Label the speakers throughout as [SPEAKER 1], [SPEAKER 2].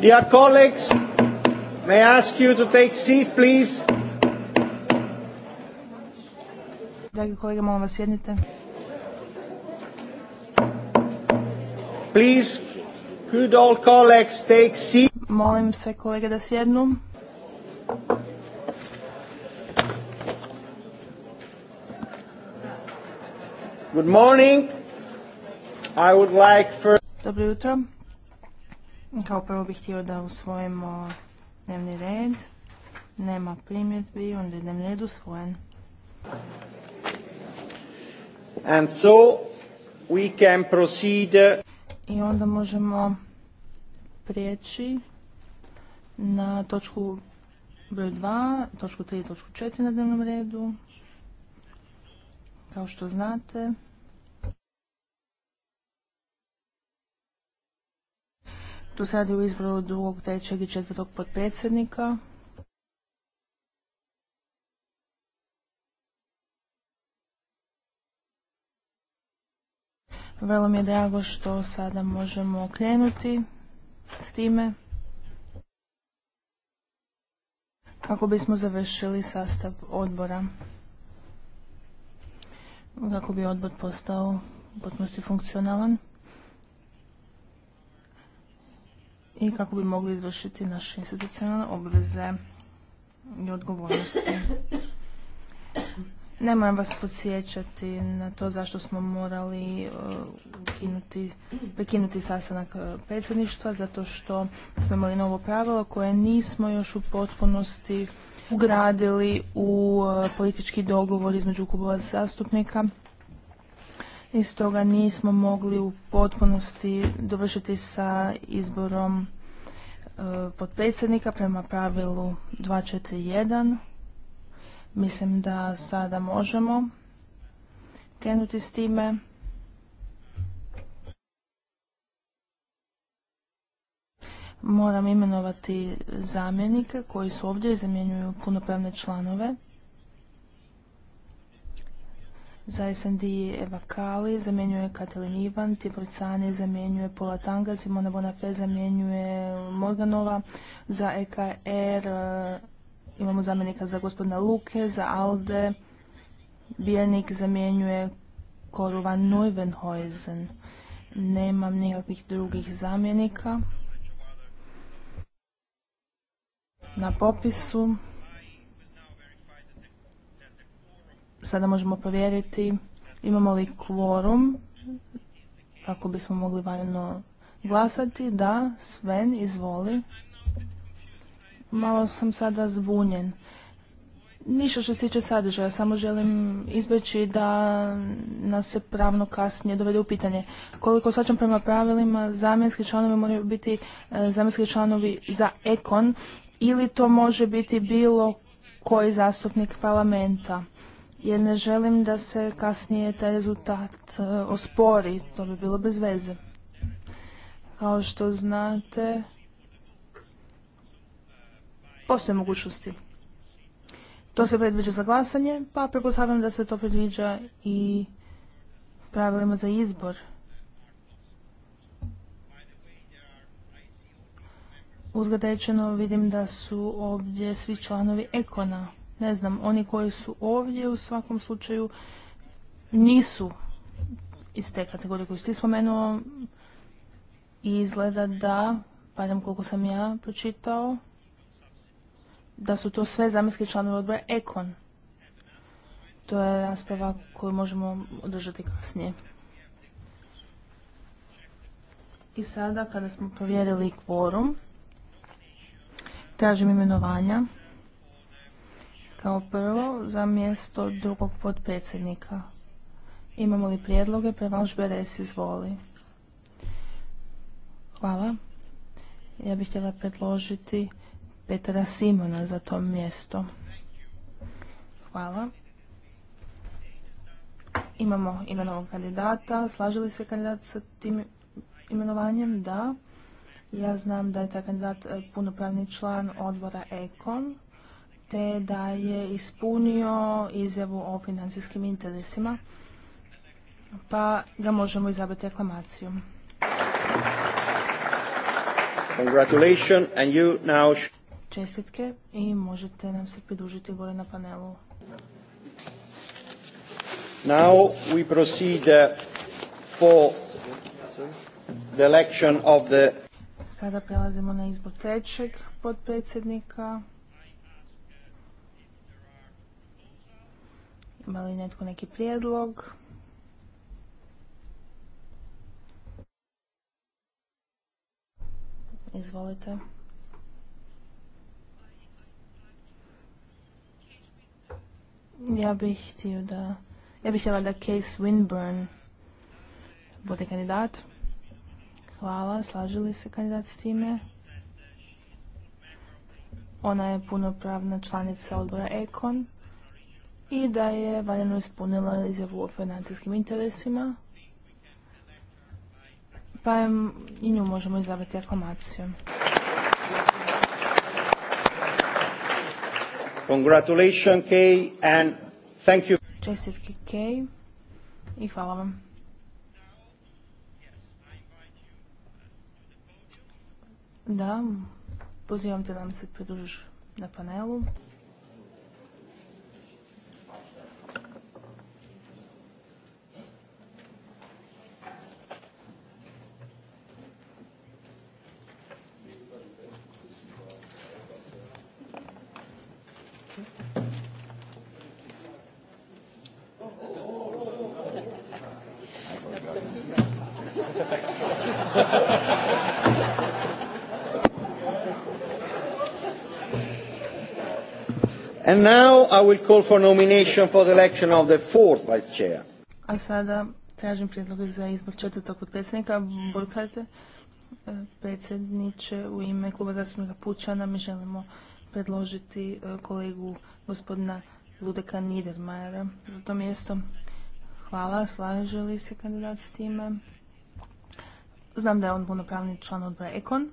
[SPEAKER 1] Dear colleagues, may I ask you to take seat, please?
[SPEAKER 2] Dragi kolege, molim vas sjednite. Please, could all colleagues take seat? Molim sve kolege da sjednu.
[SPEAKER 1] Good morning. I would like first... Dobro jutro.
[SPEAKER 2] Kao prvo bih htio da usvojimo dnevni red. Nema primjedbi, onda je dnevni red usvojen.
[SPEAKER 1] And so we can proceed... Uh,
[SPEAKER 2] I onda možemo prijeći na točku broj 2, točku 3 i točku 4 na dnevnom redu. Kao što znate, Tu je radi o izboru drugog, trećeg i četvrtog potpredsjednika. Vrlo mi je drago što sada možemo krenuti s time kako bismo završili sastav odbora. Kako bi odbor postao potpunosti funkcionalan. i kako bi mogli izvršiti naše institucionalne obveze i odgovornosti. Nemam vas podsjećati na to zašto smo morali e, ukinuti, prekinuti sastanak e, predsjedništva, zato što smo imali novo pravilo koje nismo još u potpunosti ugradili u e, politički dogovor između klubova zastupnika i stoga nismo mogli u potpunosti dovršiti sa izborom e, potpredsjednika prema pravilu 241. Mislim da sada možemo krenuti s time. Moram imenovati zamjenike koji su ovdje i zamjenjuju punopravne članove. Za SND Eva Kali zamjenjuje Katalin Ivan, Tibor zamjenjuje Pola Tanga, Simona Bonafé zamjenjuje Morganova. Za EKR e, imamo zamjenika za gospodina Luke, za Alde Bijelnik zamjenjuje Koruva Neuvenhoizen. Nemam nikakvih drugih zamjenika na popisu. Sada možemo provjeriti imamo li kvorum kako bismo mogli valjno glasati. Da, Sven, izvoli. Malo sam sada zbunjen. Ništa što se tiče sadržaja, samo želim izbjeći da nas se pravno kasnije dovede u pitanje. Koliko svačam prema pravilima, zamjenski članovi moraju biti e, zamjenski članovi za ekon ili to može biti bilo koji zastupnik parlamenta jer ne želim da se kasnije taj rezultat e, ospori, to bi bilo bez veze. Kao što znate, postoje mogućnosti. To se predviđa za glasanje, pa prepostavljam da se to predviđa i pravilima za izbor. Uzgled vidim da su ovdje svi članovi Ekona. Ne znam, oni koji su ovdje u svakom slučaju nisu iz te kategorije koju ste spomenuo i izgleda da, barem koliko sam ja pročitao, da su to sve zamjenski članovi odbora Ekon. To je rasprava koju možemo održati kasnije. I sada kada smo provjerili kvorum, tražim imenovanja kao prvo, za mjesto drugog potpredsjednika. Imamo li prijedloge? Prevanš Beres izvoli. Hvala. Ja bih htjela predložiti Petra Simona za to mjesto. Hvala. Imamo imenovog kandidata. Slaže li se kandidat sa tim imenovanjem? Da. Ja znam da je taj kandidat e, punopravni član odbora EKON te da je ispunio izjavu o financijskim interesima, pa ga možemo izabrati reklamacijom.
[SPEAKER 1] Congratulations and
[SPEAKER 2] Čestitke i možete nam se pridružiti gore na panelu.
[SPEAKER 1] Now we proceed uh, for the election of the...
[SPEAKER 2] Sada prelazimo na izbor trećeg podpredsjednika Ima li netko neki prijedlog? Izvolite. Ja bih htio da... Ja bih htjela da Case Winburn bude kandidat. Hvala, slažili se kandidat s time. Ona je punopravna članica odbora Ekon i da je valjano ispunila izjavu o financijskim interesima, pa i nju možemo izabrati aklamacijom.
[SPEAKER 1] Congratulations, Kay, and thank you. Čestitke Kay i hvala vam.
[SPEAKER 2] Da, pozivam te da nam se pridružiš na panelu.
[SPEAKER 1] And now I will call for nomination for the election of the fourth vice chair.
[SPEAKER 2] A sada tražim prijedloge za izbor četvrtog potpredsjednika Burkarte, Predsjedniče, u ime kluba zastupnika Pučana mi želimo predložiti e, kolegu gospodina Ludeka Niedermayera za to mjesto. Hvala, slaže li se kandidat s time? Znam da je on punopravni član odbora Ekon,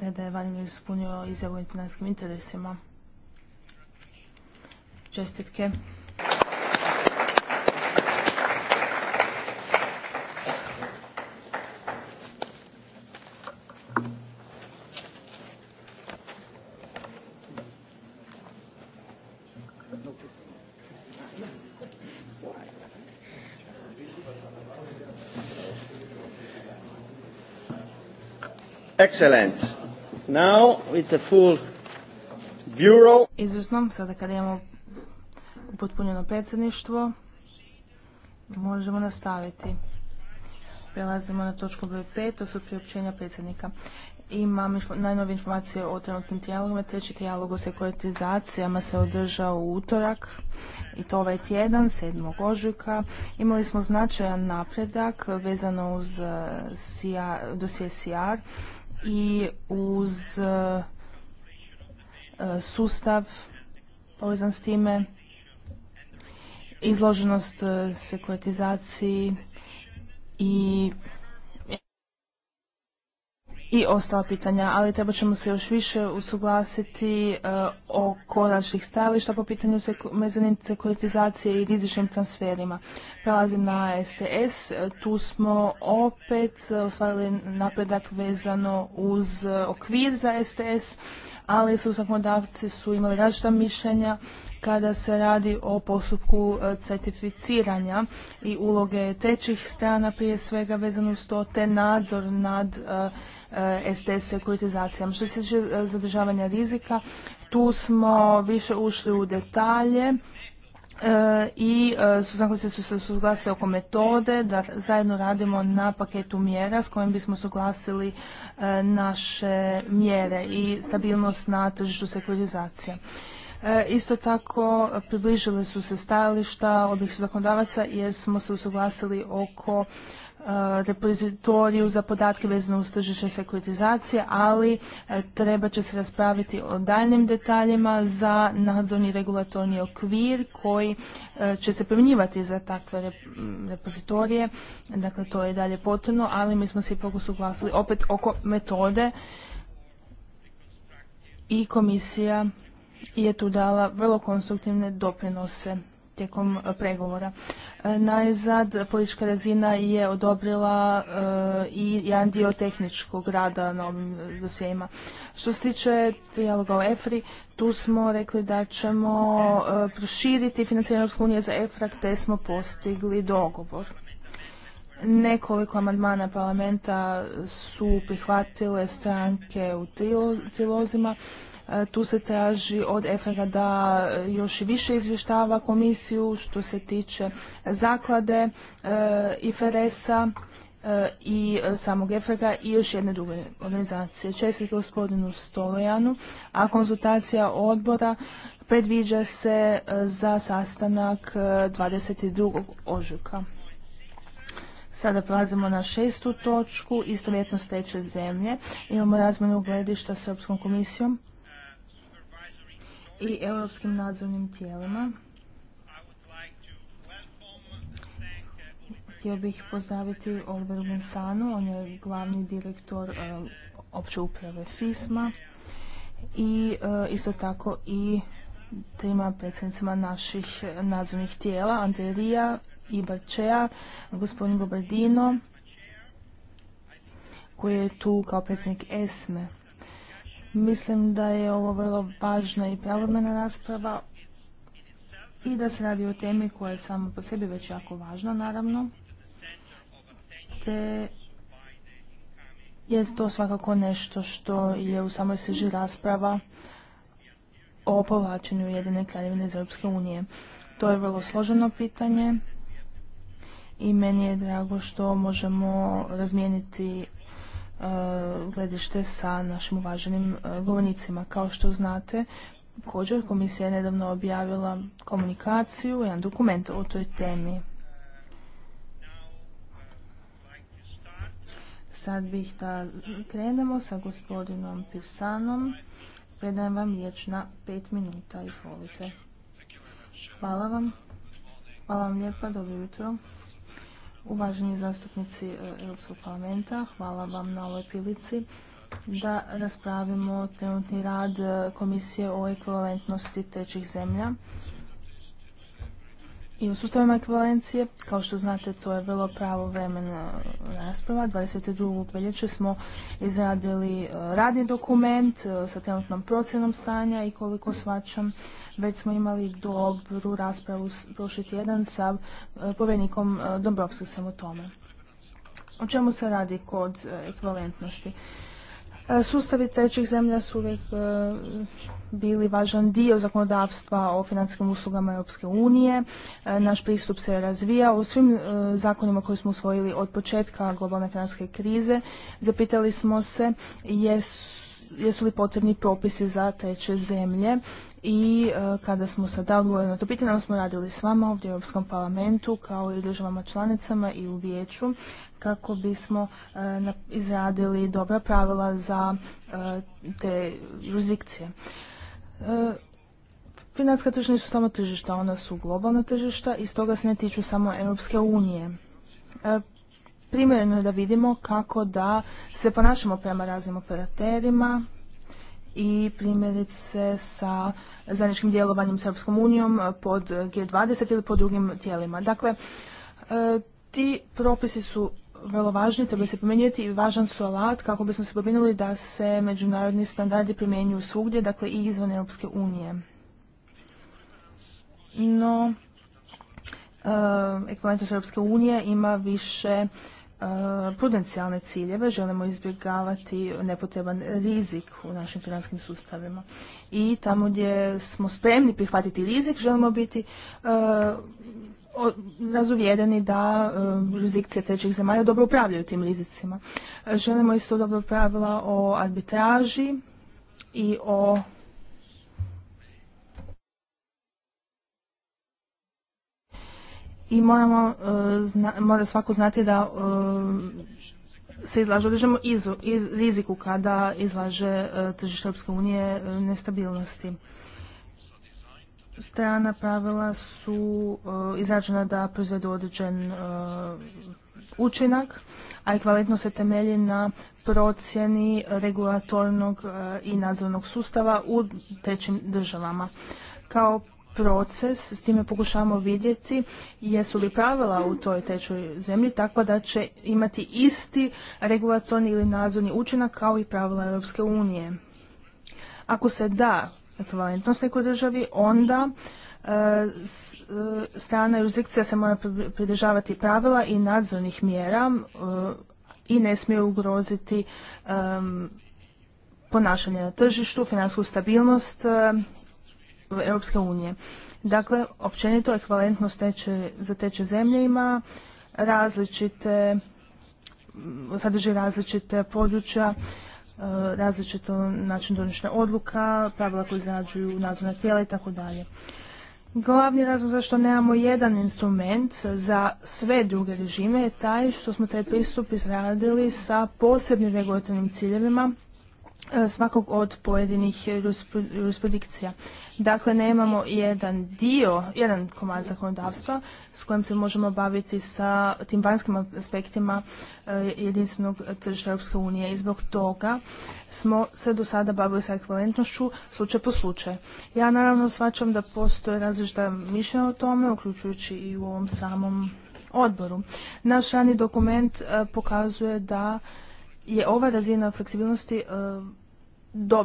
[SPEAKER 2] te da je valjno ispunio izjavu o financijskim interesima. Čestitke.
[SPEAKER 1] Excellent. Now with the full bureau.
[SPEAKER 2] Izvrsno, sada kada imamo potpunjeno predsjedništvo. Možemo nastaviti. Prelazimo na točku broj 5, to su priopćenja predsjednika. Imam najnove informacije o trenutnim tijelima. Treći tijalog o sekuritizacijama se održao u utorak i to ovaj tjedan, 7. ožujka. Imali smo značajan napredak vezano uz eh, dosije CR i uz eh, sustav povezan s time izloženost e, sekuritizaciji i i ostala pitanja, ali treba ćemo se još više usuglasiti e, o konačnih stajališta po pitanju mezanice sekuritizacije i rizičnim transferima. Prelazim na STS, e, tu smo opet ostvarili napredak vezano uz okvir za STS, ali su zakonodavci su imali različita mišljenja kada se radi o postupku e, certificiranja i uloge trećih strana prije svega vezano uz to te nadzor nad e, e, STS sekuritizacijama. Što se tiče zadržavanja rizika, tu smo više ušli u detalje i suznakovice su se suglasili oko metode da zajedno radimo na paketu mjera s kojim bismo suglasili naše mjere i stabilnost na tržištu sekuritizacije. E, isto tako približile su se stajališta obih zakonodavaca jer smo se usuglasili oko e, repozitoriju za podatke vezano uz tržište sekuritizacije, ali e, treba će se raspraviti o daljnim detaljima za nadzorni regulatorni okvir koji će se primjenjivati za takve repozitorije. Dakle, to je dalje potrebno, ali mi smo se ipak usuglasili opet oko metode i komisija je tu dala vrlo konstruktivne doprinose tijekom e, pregovora. E, najzad politička razina je odobrila e, i jedan dio tehničkog rada na ovim dosjeima Što se tiče trijaloga o EFRI, tu smo rekli da ćemo proširiti financiranje Europske unije za EFRA te smo postigli dogovor. Nekoliko amandmana parlamenta su prihvatile stranke u trilozima, E, tu se traži od EFRA da još više izvještava komisiju što se tiče zaklade e, IFRS-a e, i samog EFREGA i još jedne druge organizacije. Čestite gospodinu Stolojanu, a konzultacija odbora predviđa se za sastanak 22. ožujka. Sada prelazimo na šestu točku, istovjetno steče zemlje. Imamo razmenu gledišta s Europskom komisijom i europskim nadzornim tijelima. Htio bih pozdraviti Oliveru Monsanu, on je glavni direktor e, opće uprave FISMA i e, isto tako i trima predsjednicima naših nadzornih tijela, Andrija i Barčeja, gospodin Gobardino, koji je tu kao predsjednik ESME. Mislim da je ovo vrlo važna i pravovremena rasprava i da se radi o temi koja je sama po sebi već jako važna, naravno. Te je to svakako nešto što je u samoj sviži rasprava o povlačenju jedine kraljevine iz Europske unije. To je vrlo složeno pitanje i meni je drago što možemo razmijeniti E, gledište sa našim uvaženim e, govornicima. Kao što znate, također komisija je nedavno objavila komunikaciju, jedan dokument o toj temi. Sad bih da krenemo sa gospodinom Pirsanom. Predajem vam riječ na pet minuta. Izvolite. Hvala vam. Hvala vam lijepa. Dobro jutro. Uvaženi zastupnici e, Europskog parlamenta, hvala vam na ovoj prilici da raspravimo trenutni rad e, Komisije o ekvivalentnosti trećih zemlja i u sustavima ekvivalencije. Kao što znate, to je vrlo pravo vremena rasprava. 22. veljače smo izradili e, radni dokument e, sa trenutnom procjenom stanja i koliko svačam već smo imali dobru raspravu prošli tjedan sa e, povjerenikom Dombrovskog samo o tome. O čemu se radi kod ekvalentnosti? E, sustavi trećih zemlja su uvijek e, bili važan dio zakonodavstva o financijskim uslugama Europske unije. E, naš pristup se razvija. U svim zakonima koje smo usvojili od početka globalne financijske krize zapitali smo se jesu li potrebni propisi za treće zemlje i e, kada smo se dali odgovorili na to pitanje, smo radili s vama ovdje u Europskom parlamentu kao i državama članicama i u vijeću kako bismo e, izradili dobra pravila za e, te jurisdikcije. Finanska tržišta nisu samo tržišta, ona su globalna tržišta i stoga se ne tiču samo Europske unije. Primjerno je da vidimo kako da se ponašamo prema raznim operaterima, i primjerice sa zajedničkim djelovanjem s Europskom unijom pod G20 ili pod drugim tijelima. Dakle, e, ti propisi su vrlo važni, treba se primjenjivati i važan su alat kako bismo se pobrinuli da se međunarodni standardi primjenjuju svugdje, dakle i izvan Europske unije. No, e, ekvivalentnost Europske unije ima više prudencijalne ciljeve, želimo izbjegavati nepotreban rizik u našim financijskim sustavima. I tamo gdje smo spremni prihvatiti rizik, želimo biti razuvjereni da rizikcije trećih zemalja dobro upravljaju tim rizicima. Želimo isto dobro pravila o arbitraži i o i moramo, e, mora svako znati da e, se izlaže određenom iz, riziku kada izlaže e, tržište Europske unije nestabilnosti. Strana pravila su izrađena da proizvedu određen učinak, a kvalitno se temelji na procjeni regulatornog i nadzornog sustava u trećim državama. Kao proces, s time pokušavamo vidjeti jesu li pravila u toj tečoj zemlji takva da će imati isti regulatorni ili nadzorni učinak kao i pravila Europske unije. Ako se da ekvivalentnost nekoj državi, onda e, e, strana jurisdikcija se mora pridržavati pravila i nadzornih mjera e, i ne smije ugroziti ponašanje na tržištu, financijsku stabilnost Europske unije. Dakle, općenito ekvalentnost teče, za teče zemlje ima različite, sadrži različite područja, e, različito način donošenja odluka, pravila koje izrađuju nadzorna tijela i tako dalje. Glavni razlog zašto nemamo jedan instrument za sve druge režime je taj što smo taj pristup izradili sa posebnim regulatornim ciljevima svakog od pojedinih jurisdikcija. Dakle, nemamo jedan dio, jedan komad zakonodavstva s kojim se možemo baviti sa tim vanjskim aspektima e, jedinstvenog tržišta Europske unije i zbog toga smo se do sada bavili sa ekvalentnošću slučaj po slučaj. Ja naravno svačam da postoje različita mišljenja o tome, uključujući i u ovom samom odboru. Naš rani dokument e, pokazuje da je ova razina fleksibilnosti e,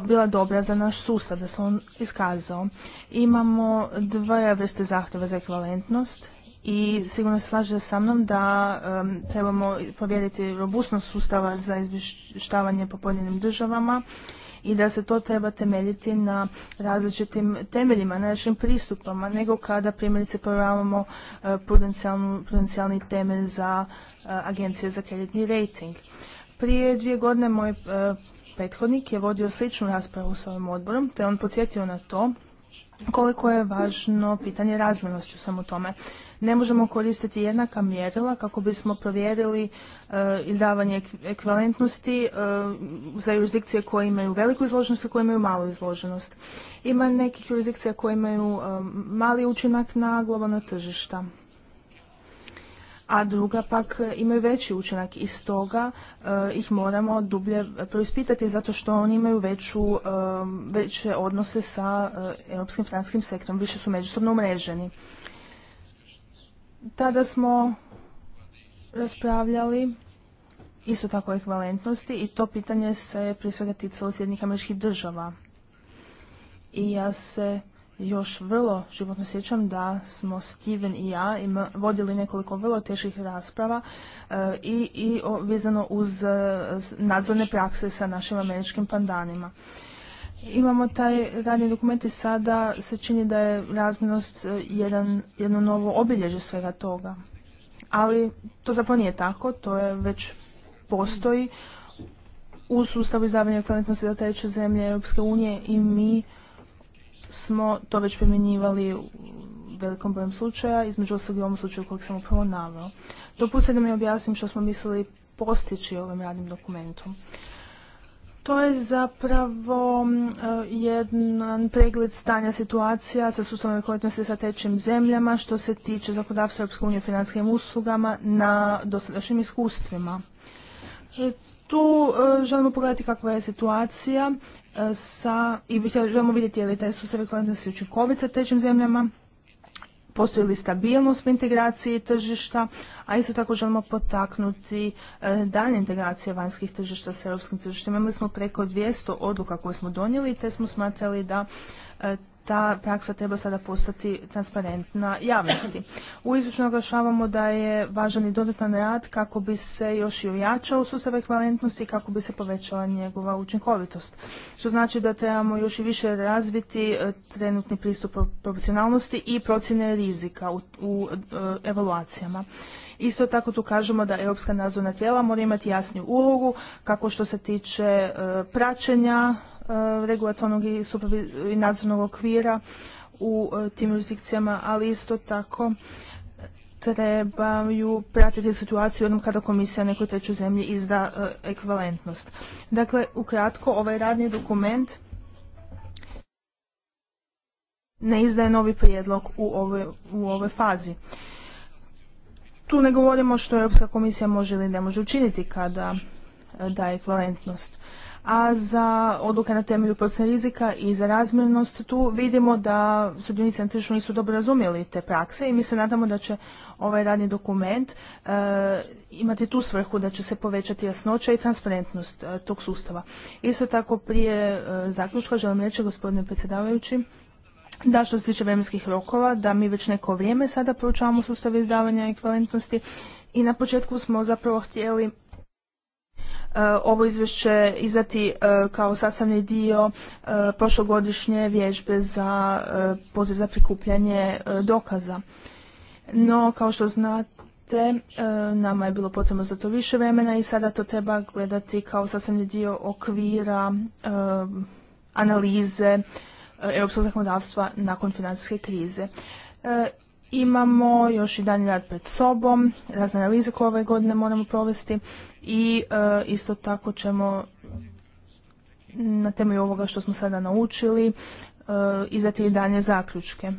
[SPEAKER 2] bila dobra za naš sustav, da se on iskazao. Imamo dvoje vrste zahtjeva za ekvivalentnost i sigurno se slaže sa mnom da trebamo povjeriti robustnost sustava za izvještavanje po pojedinim državama i da se to treba temeljiti na različitim temeljima, na našim pristupama, nego kada primjerice provjeravamo e, prudencijalni temelj za e, agencije za kreditni rating. Prije dvije godine moj e, prethodnik je vodio sličnu raspravu sa ovim odborom, te on podsjetio na to koliko je važno pitanje razmjernosti u tome. Ne možemo koristiti jednaka mjerila kako bismo provjerili e, izdavanje ekvivalentnosti e, za jurisdikcije koje imaju veliku izloženost i koje imaju malu izloženost. Ima nekih jurisdikcija koje imaju e, mali učinak na globalna tržišta a druga pak e, imaju veći učinak i stoga e, ih moramo dublje proispitati zato što oni imaju veću, e, veće odnose sa europskim franckim sektorom, više su međusobno umreženi. Tada smo raspravljali isto tako o ekvalentnosti i to pitanje se prije svega ticalo Sjednih američkih država. I ja se još vrlo životno sjećam da smo Steven i ja ima, vodili nekoliko vrlo teških rasprava eh, i, i vezano uz eh, nadzorne prakse sa našim američkim pandanima. Imamo taj radni dokument i sada se čini da je razmjernost eh, jedan, jedno novo obilježje svega toga. Ali to zapravo nije tako, to je već postoji u sustavu izdavanja kvalitnosti za treće zemlje Europske unije i mi smo to već primjenjivali u velikom brojem slučaja, između ostalog i ovom slučaju kojeg sam upravo naveo. Dopustite da mi objasnim što smo mislili postići ovim radnim dokumentom. To je zapravo eh, jedan pregled stanja situacija sa sustavom rekordnosti sa tečim zemljama što se tiče zakonodavstva Europske unije financijskim uslugama na dosadašnjim iskustvima. E, tu eh, želimo pogledati kakva je situacija sa, i želimo vidjeti je li taj sustav ekvivalentnosti učinkovit sa trećim zemljama, postoji li stabilnost u integraciji tržišta, a isto tako želimo potaknuti e, dalje integracije vanjskih tržišta sa europskim tržištima. Imali smo preko 200 odluka koje smo donijeli te smo smatrali da e, ta praksa treba sada postati transparentna javnosti. U izvješću naglašavamo da je važan i dodatan rad kako bi se još i ojačao sustav ekvalentnosti i kako bi se povećala njegova učinkovitost. Što znači da trebamo još i više razviti e, trenutni pristup proporcionalnosti i procjene rizika u, e, evaluacijama. Isto tako tu kažemo da europska nadzorna tijela mora imati jasniju ulogu kako što se tiče e, praćenja Eh, regulatornog i, nadzornog okvira u eh, tim jurisdikcijama, ali isto tako trebaju pratiti situaciju jednom kada komisija nekoj trećoj zemlji izda eh, ekvivalentnost. Dakle, ukratko, ovaj radni dokument ne izdaje novi prijedlog u ovoj, u ovoj fazi. Tu ne govorimo što Europska komisija može ili ne može učiniti kada daje ekvivalentnost a za odluke na temelju procjene rizika i za razmjernost tu vidimo da sudionici na tržištu nisu dobro razumjeli te prakse i mi se nadamo da će ovaj radni dokument e, imati tu svrhu da će se povećati jasnoća i transparentnost e, tog sustava. Isto tako prije e, zaključka želim reći gospodine predsjedavajući da što se tiče vremenskih rokova, da mi već neko vrijeme sada proučavamo sustave izdavanja ekvivalentnosti i na početku smo zapravo htjeli E, ovo izvješće izdati e, kao sastavni dio e, prošlogodišnje vježbe za poziv za prikupljanje dokaza. No, kao što znate, nama je bilo potrebno za to više vremena i sada to treba gledati kao sastavni dio okvira analize europskog zakonodavstva nakon financijske krize. imamo još i dan rad pred sobom, razne analize koje ove godine moramo provesti, i e, isto tako ćemo na temelju ovoga što smo sada naučili e, izdati i dalje zaključke.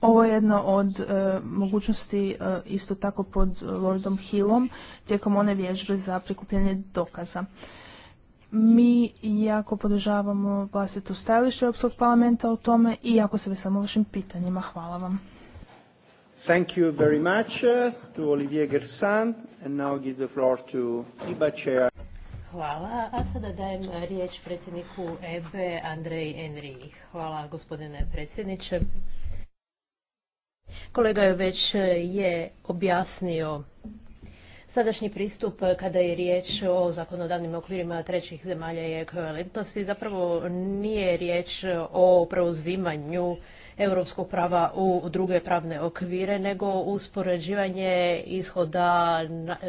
[SPEAKER 2] Ovo je jedna od e, mogućnosti isto tako pod Lordom Hillom tijekom one vježbe za prikupljanje dokaza. Mi jako podržavamo vlastito stajalište Europskog parlamenta o tome i jako se veselimo vašim pitanjima. Hvala vam.
[SPEAKER 1] Thank you very much uh, to Olivier Gersan and now give the floor to IBA chair.
[SPEAKER 2] Hvala. A sada dajem
[SPEAKER 3] uh, riječ predsjedniku eb Andrej Enrih. Hvala gospodine predsjedniče. Kolega je već uh, je objasnio Sadašnji pristup kada je riječ o zakonodavnim okvirima trećih zemalja i ekvivalentnosti zapravo nije riječ o preuzimanju europskog prava u druge pravne okvire, nego uspoređivanje ishoda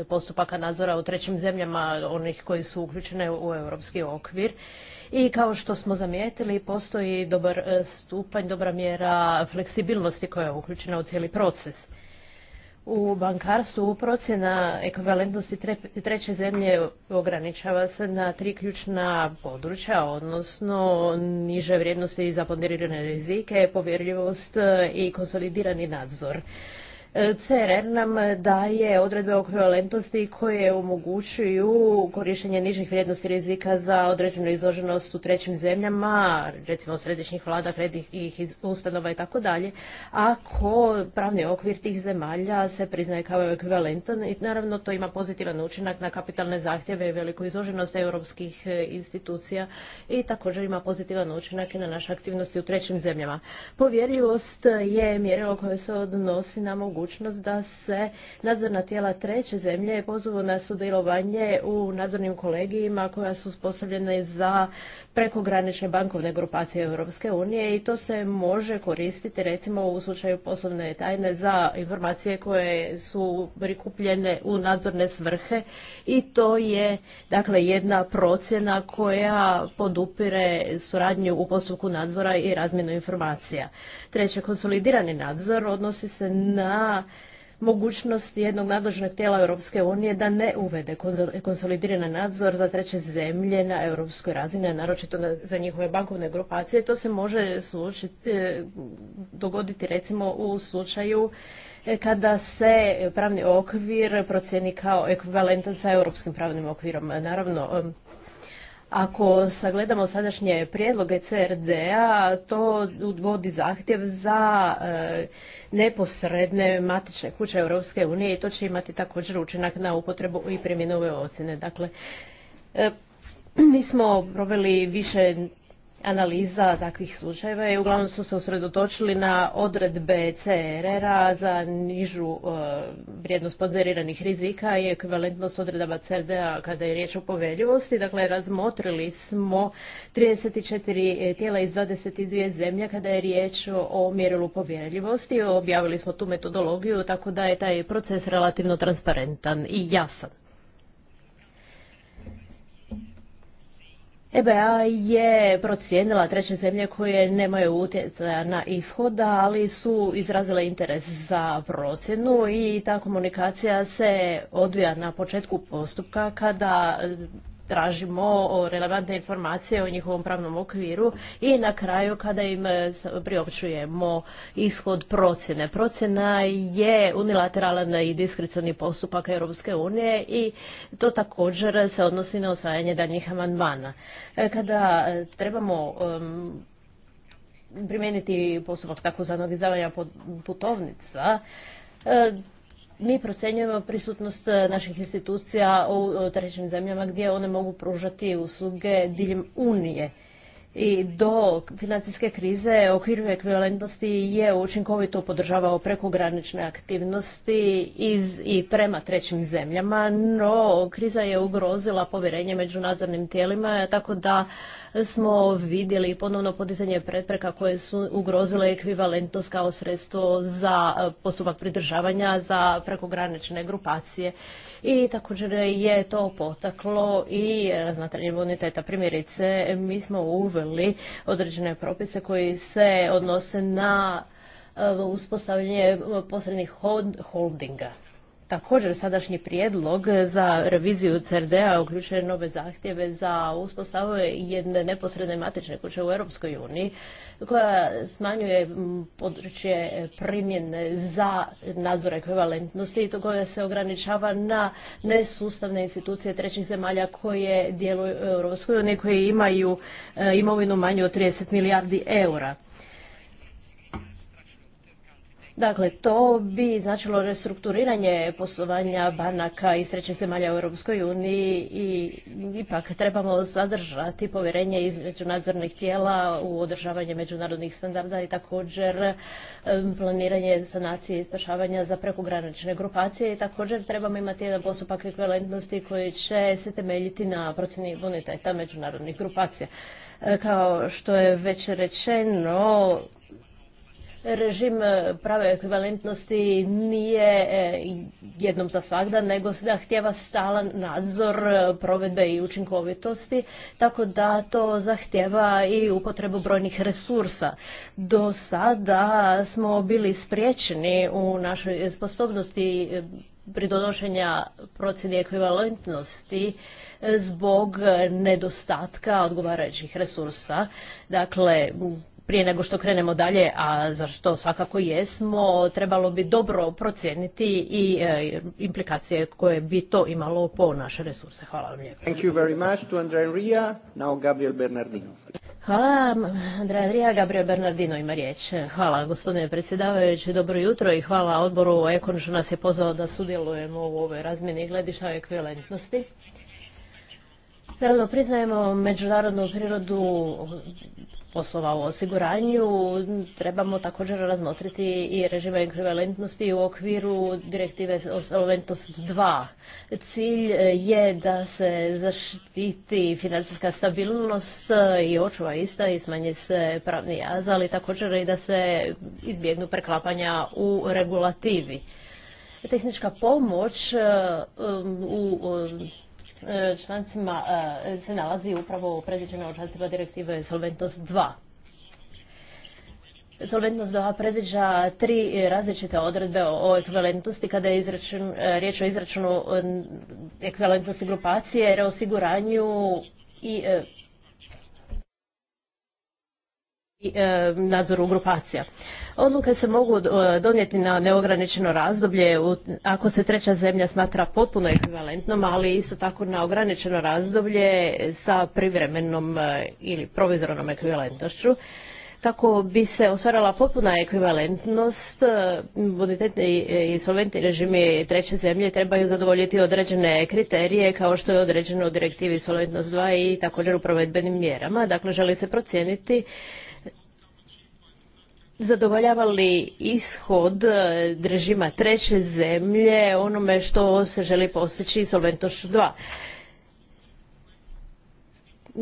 [SPEAKER 3] postupaka nadzora u trećim zemljama, onih koji su uključene u europski okvir. I kao što smo zamijetili, postoji dobar e, stupanj, dobra mjera fleksibilnosti koja je uključena u cijeli proces u bankarstvu procjena ekvivalentnosti treće zemlje ograničava se na tri ključna područja, odnosno niže vrijednosti za ponderirane rizike, povjerljivost i konsolidirani nadzor. CRR nam daje odredbe o ekvivalentnosti koje omogućuju korištenje nižih vrijednosti rizika za određenu izloženost u trećim zemljama, recimo središnjih vlada, kreditnih ustanova i tako dalje, ako pravni okvir tih zemalja se priznaje kao ekvivalentan i naravno to ima pozitivan učinak na kapitalne zahtjeve i veliku izloženost europskih e, institucija i također ima pozitivan učinak i na naše aktivnosti u trećim zemljama. Povjerljivost je mjerilo koje se odnosi na mogućnost mogućnost da se nadzorna tijela treće zemlje pozovu na sudjelovanje u nadzornim kolegijima koja su uspostavljene za prekogranične bankovne grupacije Europske unije i to se može koristiti recimo u slučaju poslovne tajne za informacije koje su prikupljene u nadzorne svrhe i to je dakle jedna procjena koja podupire suradnju u postupku nadzora i razmjenu informacija. Treće, konsolidirani nadzor odnosi se na mogućnost jednog nadležnog tijela Europske unije da ne uvede konsolidirani nadzor za treće zemlje na europskoj razini, naročito za njihove bankovne grupacije. To se može e, dogoditi recimo u slučaju e, kada se pravni okvir procijeni kao ekvivalentan sa europskim pravnim okvirom. Naravno, e, ako sagledamo sadašnje prijedloge CRD-a, to vodi zahtjev za e, neposredne matične kuće Europske unije i to će imati također učinak na upotrebu i primjenu ove ocjene. Dakle, e, mi smo proveli više analiza takvih slučajeva i uglavnom su se usredotočili na odredbe CRR-a za nižu e, vrijednost podzeriranih rizika i ekvivalentnost odredaba CRD-a kada je riječ o poveljivosti. Dakle, razmotrili smo 34 e, tijela iz 22 zemlja kada je riječ o mjerilu povjerljivosti. Objavili smo tu metodologiju, tako da je taj proces relativno transparentan i jasan. EBA je procijenila treće zemlje koje nemaju utjecaja na ishoda, ali su izrazile interes za procjenu i ta komunikacija se odvija na početku postupka kada tražimo relevantne informacije o njihovom pravnom okviru i na kraju kada im e, priopćujemo ishod procjene. Procjena je unilateralan i diskrecioni postupak Europske unije i to također se odnosi na osvajanje daljnjih amandmana. E, kada e, trebamo primijeniti postupak takozvanog izdavanja putovnica, mi procenjujemo prisutnost e, naših institucija u trećim zemljama gdje one mogu pružati usluge diljem Unije i do financijske krize okviru ekvivalentnosti je učinkovito podržavao prekogranične aktivnosti iz i prema trećim zemljama, no kriza je ugrozila povjerenje među nadzornim tijelima, tako da smo vidjeli ponovno podizanje prepreka koje su ugrozile ekvivalentnost kao sredstvo za postupak pridržavanja za prekogranične grupacije. I također je to potaklo i razmatranje imuniteta. Primjerice, mi smo u uveli određene propise koji se odnose na e, uspostavljanje posrednih holdinga također sadašnji prijedlog za reviziju CRD-a uključuje nove zahtjeve za uspostavu jedne neposredne matične kuće u Europskoj uniji koja smanjuje područje primjene za nadzor ekvivalentnosti i to koja se ograničava na nesustavne institucije trećih zemalja koje djeluju u Europskoj uniji koje imaju e, imovinu manju od 30 milijardi eura. Dakle, to bi značilo restrukturiranje poslovanja banaka i srećnih zemalja u Europskoj uniji i ipak trebamo zadržati povjerenje između nadzornih tijela u održavanje međunarodnih standarda i također planiranje sanacije i spašavanja za prekogranične grupacije i također trebamo imati jedan postupak ekvivalentnosti koji će se temeljiti na procjeni boniteta međunarodnih grupacija. E, kao što je već rečeno, režim e, prave ekvivalentnosti nije e, jednom za svakda, nego se zahtjeva stalan nadzor e, provedbe i učinkovitosti, tako da to zahtjeva i upotrebu brojnih resursa. Do sada smo bili spriječeni u našoj sposobnosti pridonošenja procjeni ekvivalentnosti zbog nedostatka odgovarajućih resursa. Dakle, prije nego što krenemo dalje, a za što svakako jesmo, trebalo bi dobro procijeniti i e, implikacije koje bi to imalo po naše resurse. Hvala vam lijepo.
[SPEAKER 1] Thank you very much to Andrea Now Gabriel Bernardino.
[SPEAKER 3] Hvala, Andrea Rija, Gabriel Bernardino ima riječ. Hvala gospodine predsjedavajući, dobro jutro i hvala odboru Ekon nas je pozvao da sudjelujemo u ovoj razmjeni gledišta o ekvivalentnosti. Naravno, priznajemo međunarodnu prirodu poslova u osiguranju, trebamo također razmotriti i režime ekvivalentnosti u okviru direktive Solventnost 2. Cilj e, je da se zaštiti financijska stabilnost e, i očuva ista i smanje se pravni jaz, ali također i da se izbjegnu preklapanja u regulativi. Tehnička pomoć e, u E, člancima e, se nalazi upravo predviđena u člancima direktive Solventnost 2. Solventnost 2 predviđa tri različite odredbe o ekvivalentnosti kada je izračun, e, riječ o izračunu ekvivalentnosti grupacije, reosiguranju i i e, nadzoru grupacija. Odluke se mogu e, donijeti na neograničeno razdoblje ako se treća zemlja smatra potpuno ekvivalentnom, ali isto tako na ograničeno razdoblje sa privremenom e, ili provizornom ekvivalentnošću. Kako bi se ostvarila potpuna ekvivalentnost, bonitetni i solventni režimi treće zemlje trebaju zadovoljiti određene kriterije kao što je određeno u direktivi Solventnost 2 i također u provedbenim mjerama. Dakle, želi se procijeniti zadovoljava li ishod e, režima treće zemlje onome što se želi postići solventnošću 2?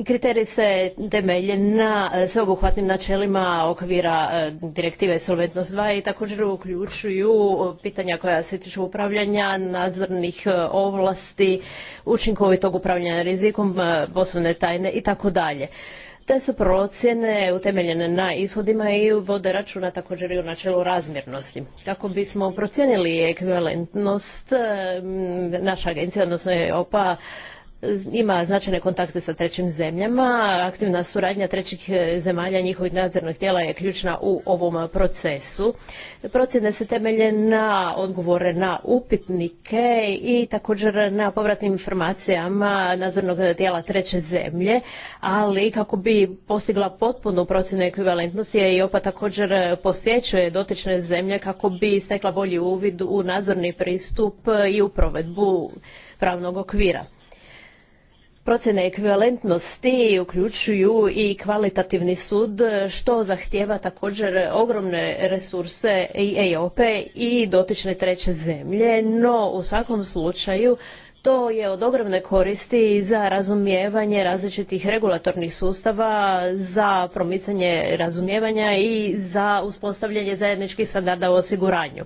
[SPEAKER 3] Kriteriji se temelje na e, sveobuhvatnim načelima okvira e, direktive Solventnost 2 i također uključuju pitanja koja se tiču upravljanja, nadzornih ovlasti, učinkovitog upravljanja rizikom, poslovne tajne i tako dalje. Te su procjene utemeljene na ishodima i vode računa također i o načelu razmjernosti. Kako bismo procijenili ekvivalentnost, e, naša agencija, odnosno EOPA, ima značajne kontakte sa trećim zemljama. Aktivna suradnja trećih e, zemalja i njihovih nadzornih tijela je ključna u ovom procesu. Procjene se temelje na odgovore na upitnike i također na povratnim informacijama nadzornog tijela treće zemlje, ali kako bi postigla potpunu procjenu ekvivalentnosti je i opa također posjećuje dotične zemlje kako bi stekla bolji uvid u nadzorni pristup i u provedbu pravnog okvira procjene ekvivalentnosti uključuju i kvalitativni sud što zahtijeva također ogromne resurse i EOP i dotične treće zemlje, no u svakom slučaju to je od ogromne koristi za razumijevanje različitih regulatornih sustava, za promicanje razumijevanja i za uspostavljanje zajedničkih standarda u osiguranju.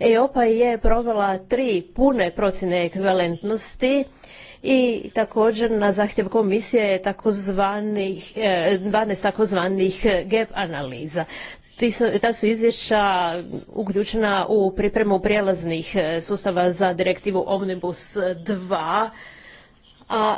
[SPEAKER 3] EOPA je provela tri pune procjene ekvivalentnosti i također na zahtjev komisije takozvanih, 12 e, takozvanih gap analiza. Ta su izvješća uključena u pripremu prijelaznih e, sustava za direktivu Omnibus 2, a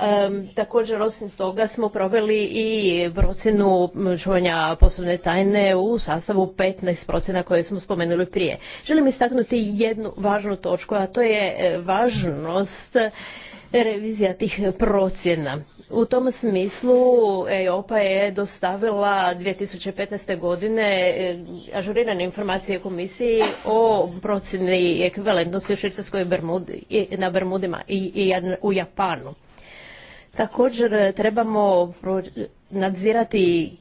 [SPEAKER 3] također osim toga smo proveli i procjenu čuvanja poslovne tajne u sastavu 15 procjena koje smo spomenuli prije. Želim istaknuti jednu važnu točku, a to je e, važnost revizija tih procjena. U tom smislu EOPA je dostavila 2015. godine e, ažurirane informacije komisiji o procjeni ekvivalentnosti u Švicarskoj na Bermudima i, i u Japanu. Također e, trebamo nadzirati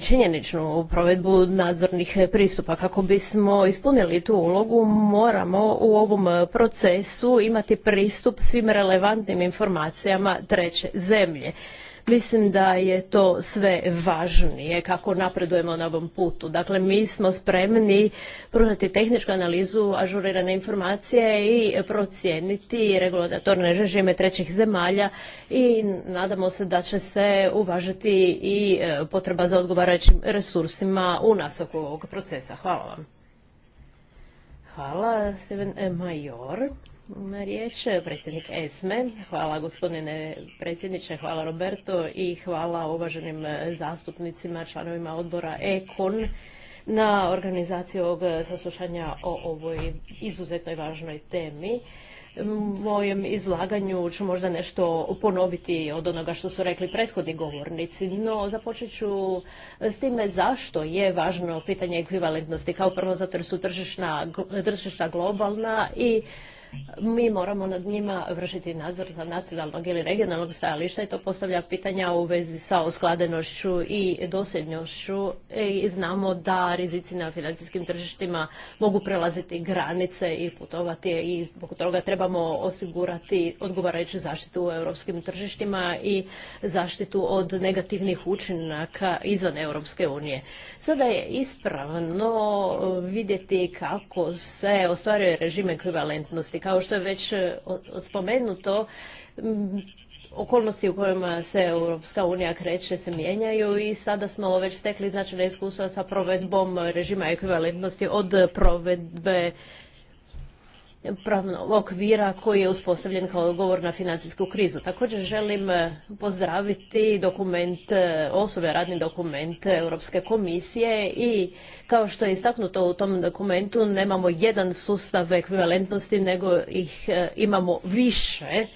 [SPEAKER 3] činjeničnu provedbu nadzornih pristupa. Kako bismo ispunili tu ulogu, moramo u ovom procesu imati pristup svim relevantnim informacijama treće zemlje. Mislim da je to sve važnije kako napredujemo na ovom putu. Dakle, mi smo spremni pružati tehničku analizu ažurirane informacije i procijeniti regulatorne režime trećih zemalja i nadamo se da će se uvažiti i e, potreba za odgovarajućim resursima u nasoku ovog procesa. Hvala vam. Hvala, Steven e. Major na riječ predsjednik ESME. Hvala gospodine predsjedniče, hvala Roberto i hvala uvaženim zastupnicima, članovima odbora EKON na organizaciju ovog saslušanja o ovoj izuzetnoj važnoj temi. U Mojem izlaganju ću možda nešto ponoviti od onoga što su rekli prethodni govornici, no započet ću s time zašto je važno pitanje ekvivalentnosti. Kao prvo zato jer su tržišna, tržišta globalna i mi moramo nad njima vršiti nadzor za nacionalnog ili regionalnog stajališta i to postavlja pitanja u vezi sa uskladenošću i dosljednošću e, i znamo da rizici na financijskim tržištima mogu prelaziti granice i putovati i zbog toga trebamo osigurati odgovarajuću zaštitu u europskim tržištima i zaštitu od negativnih učinaka izvan Europske unije. Sada je ispravno vidjeti kako se ostvaruje režim ekvivalentnosti kao što je već e, spomenuto, okolnosti u kojima se Europska unija kreće se mijenjaju i sada smo već stekli značajne iskustva sa provedbom režima ekvivalentnosti od provedbe pravnog okvira koji je uspostavljen kao odgovor na financijsku krizu. Također želim e, pozdraviti dokument e, osobe, radni dokument Europske komisije i kao što je istaknuto u tom dokumentu nemamo jedan sustav ekvivalentnosti nego ih e, imamo više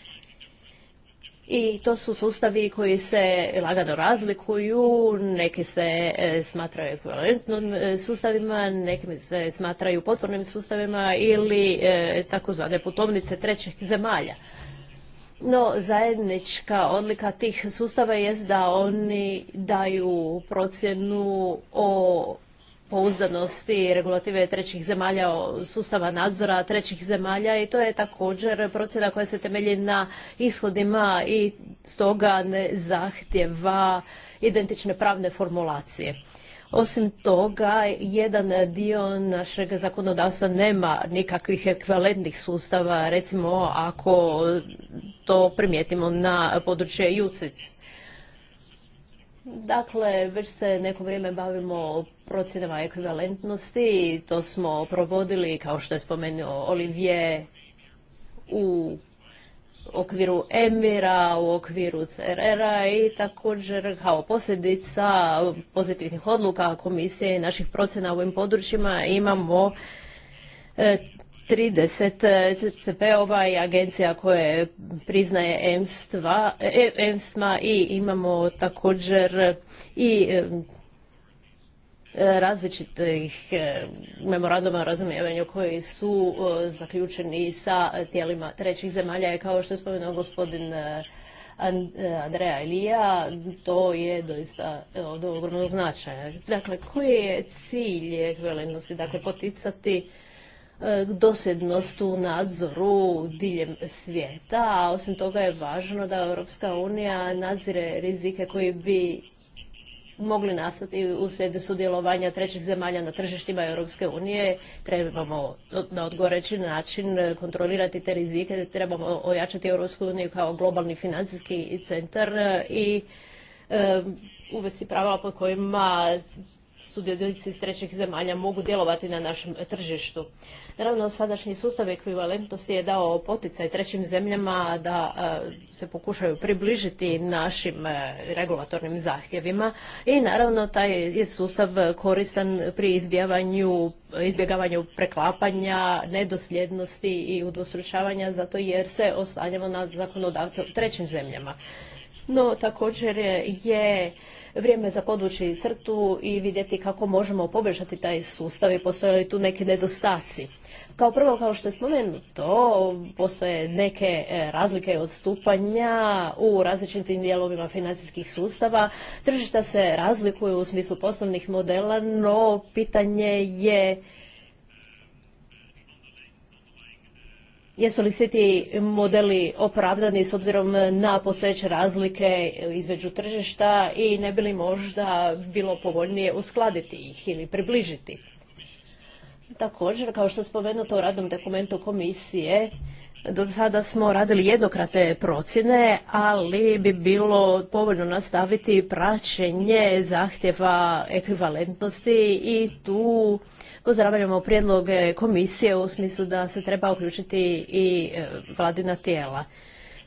[SPEAKER 3] i to su sustavi koji se lagano razlikuju, neki se e, smatraju ekvivalentnim e, sustavima, neki se smatraju potpornim sustavima ili e, takozvane putovnice trećih zemalja. No, zajednička odlika tih sustava je da oni daju procjenu o pouzdanosti regulative trećih zemalja, sustava nadzora trećih zemalja i to je također procjena koja se temelji na ishodima i stoga ne zahtjeva identične pravne formulacije. Osim toga, jedan dio našeg zakonodavstva nema nikakvih ekvivalentnih sustava, recimo ako to primijetimo na područje UCIC. Dakle, već se neko vrijeme bavimo procjenama ekvivalentnosti. To smo provodili, kao što je spomenuo Olivier, u okviru Emira, u okviru CRR-a i također kao posljedica pozitivnih odluka komisije i naših procjena u ovim područjima imamo 30 e, CCP-ova i agencija koje priznaje e, e, EMS-ma i imamo također i E, različitih e, memoranduma o razumijevanju koji su e, zaključeni sa tijelima trećih zemalja i kao što je spomenuo gospodin Andreja Ilija, to je doista od ogromnog značaja. Dakle, koji je cilj ekvivalentnosti? Dakle, poticati dosljednost u nadzoru diljem svijeta, a osim toga je važno da Europska unija nadzire rizike koji bi mogli nastati uslijed sudjelovanja trećih zemalja na tržištima Europske unije. Trebamo na odgoreći način kontrolirati te rizike, trebamo ojačati Europsku uniju kao globalni financijski centar i e, uvesti pravila pod kojima sudionici iz trećih zemalja mogu djelovati na našem tržištu. Naravno, sadašnji sustav ekvivalentnosti je dao poticaj trećim zemljama da e, se pokušaju približiti našim e, regulatornim zahtjevima i naravno taj je sustav koristan pri izbjegavanju, izbjegavanju preklapanja, nedosljednosti i udvostručavanja zato jer se oslanjamo na zakonodavce u trećim zemljama. No također je vrijeme za podvući crtu i vidjeti kako možemo poboljšati taj sustav i postoje li tu neki nedostaci. Kao prvo, kao što je spomenuto, postoje neke e, razlike i odstupanja u različitim dijelovima financijskih sustava. Tržišta se razlikuju u smislu poslovnih modela, no pitanje je Jesu li svi ti modeli opravdani s obzirom na postojeće razlike između tržišta i ne bi li možda bilo povoljnije uskladiti ih ili približiti? Također, kao što je spomenuto u radnom dokumentu komisije, do sada smo radili jednokratne procjene, ali bi bilo povoljno nastaviti praćenje zahtjeva ekvivalentnosti i tu pozdravljamo prijedloge komisije u smislu da se treba uključiti i e, vladina tijela.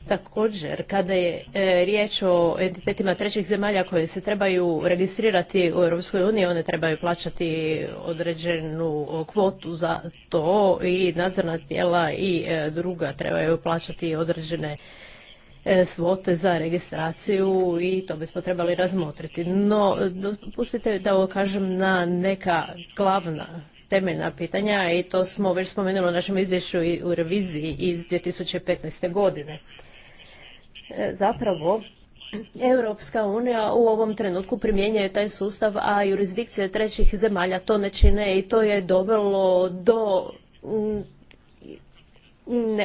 [SPEAKER 3] Također, kada je e, riječ o entitetima trećih zemalja koje se trebaju registrirati u Europskoj uniji, one trebaju plaćati određenu kvotu za to i nadzorna tijela i e, druga trebaju plaćati određene e, svote za registraciju i to bismo trebali razmotriti. No, dopustite da ovo kažem na neka glavna temeljna pitanja i to smo već spomenuli u našem izvješću i u reviziji iz 2015. godine. E, zapravo Europska unija u ovom trenutku primjenjuje taj sustav, a jurisdikcije trećih zemalja to ne čine i to je dovelo do mm,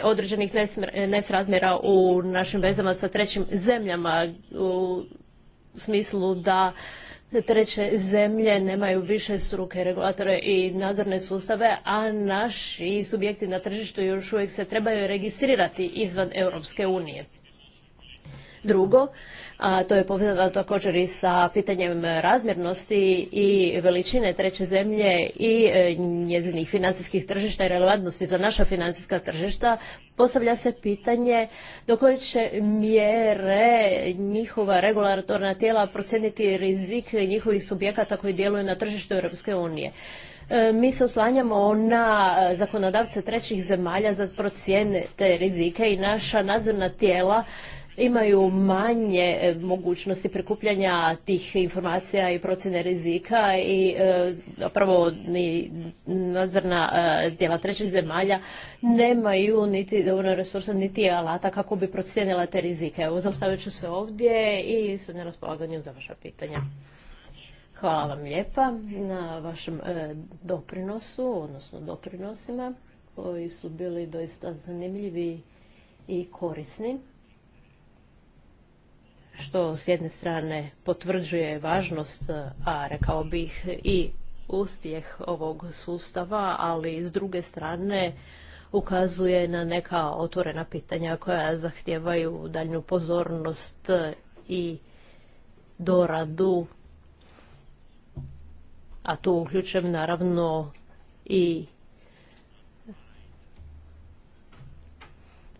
[SPEAKER 3] određenih nesrazmjera u našim vezama sa trećim zemljama u smislu da treće zemlje nemaju više struke regulatore i nadzorne sustave, a naši subjekti na tržištu još uvijek se trebaju registrirati izvan Europske unije. Drugo, a to je povezano također i sa pitanjem razmjernosti i veličine treće zemlje i e, njezinih financijskih tržišta i relevantnosti za naša financijska tržišta, postavlja se pitanje do koje će mjere njihova regulatorna tijela procijeniti rizik njihovih subjekata koji djeluju na tržištu Europske unije. E, mi se oslanjamo na zakonodavce trećih zemalja za procijene te rizike i naša nadzorna tijela imaju manje e, mogućnosti prikupljanja tih informacija i procjene rizika i e, zapravo ni nadzorna tijela e, trećih zemalja nemaju niti dovoljno resursa niti alata kako bi procijenila te rizike. Evo, zaustavit ću se ovdje i su na raspolaganju za vaša pitanja. Hvala vam lijepa na vašem doprinosu, odnosno doprinosima koji su bili doista zanimljivi i korisni što s jedne strane potvrđuje važnost, e, a rekao bih i uspjeh ovog sustava, ali s druge strane ukazuje na neka otvorena pitanja koja zahtijevaju daljnju pozornost e, i doradu, a tu uključujem naravno i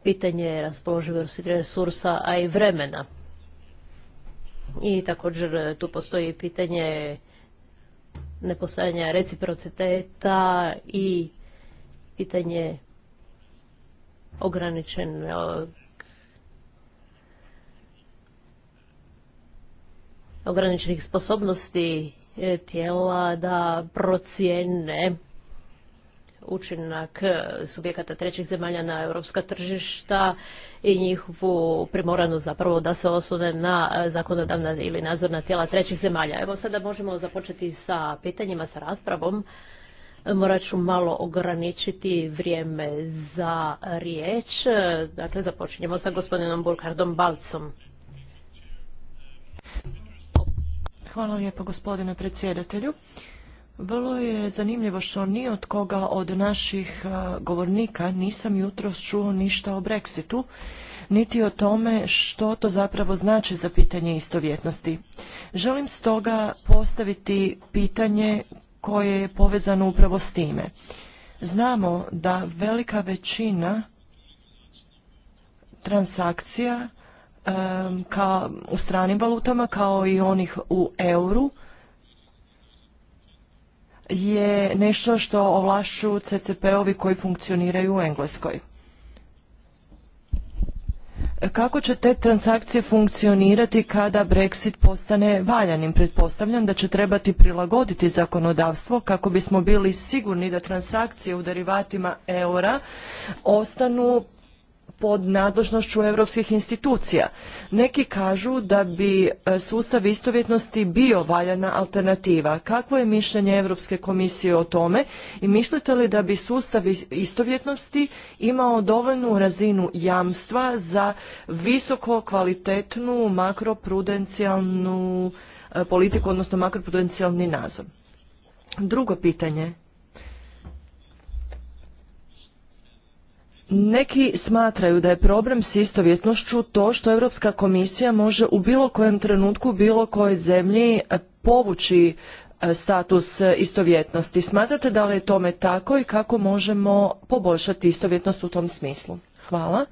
[SPEAKER 3] pitanje raspoloživosti resursa, a i vremena. I također e, tu postoji pitanje nepostojanja reciprociteta i pitanje ograničenog ograničenih sposobnosti e, tijela da procijene učinak eh, subjekata trećih zemalja na europska tržišta i njihovu primoranost zapravo da se osude na eh, zakonodavna ili nadzorna tijela trećih zemalja. Evo sada možemo započeti sa pitanjima, sa raspravom. Eh, morat ću malo ograničiti vrijeme za riječ. Dakle, započinjemo sa gospodinom Burkardom Balcom.
[SPEAKER 4] Hvala lijepo gospodine predsjedatelju. Vrlo je zanimljivo što ni od koga od naših govornika nisam jutros čuo ništa o Brexitu, niti o tome što to zapravo znači za pitanje istovjetnosti. Želim stoga postaviti pitanje koje je povezano upravo s time. Znamo da velika većina transakcija u stranim valutama kao i onih u euru je nešto što ovlašu CCP-ovi koji funkcioniraju u Engleskoj. Kako će te transakcije funkcionirati kada Brexit postane valjanim? Pretpostavljam da će trebati prilagoditi zakonodavstvo kako bismo bili sigurni da transakcije u derivatima eura ostanu pod nadležnošću europskih institucija. Neki kažu da bi e, sustav istovjetnosti bio valjana alternativa. Kakvo je mišljenje Europske komisije o tome i mislite li da bi sustav istovjetnosti imao dovoljnu razinu jamstva za visoko kvalitetnu makroprudencijalnu e, politiku, odnosno makroprudencijalni nadzor? Drugo pitanje. neki smatraju da je problem s istovjetnošću to što Europska komisija može u bilo kojem trenutku, u bilo kojoj zemlji e, povući e, status e, istovjetnosti. Smatrate da li je tome tako i kako možemo poboljšati istovjetnost u tom smislu? Hvala.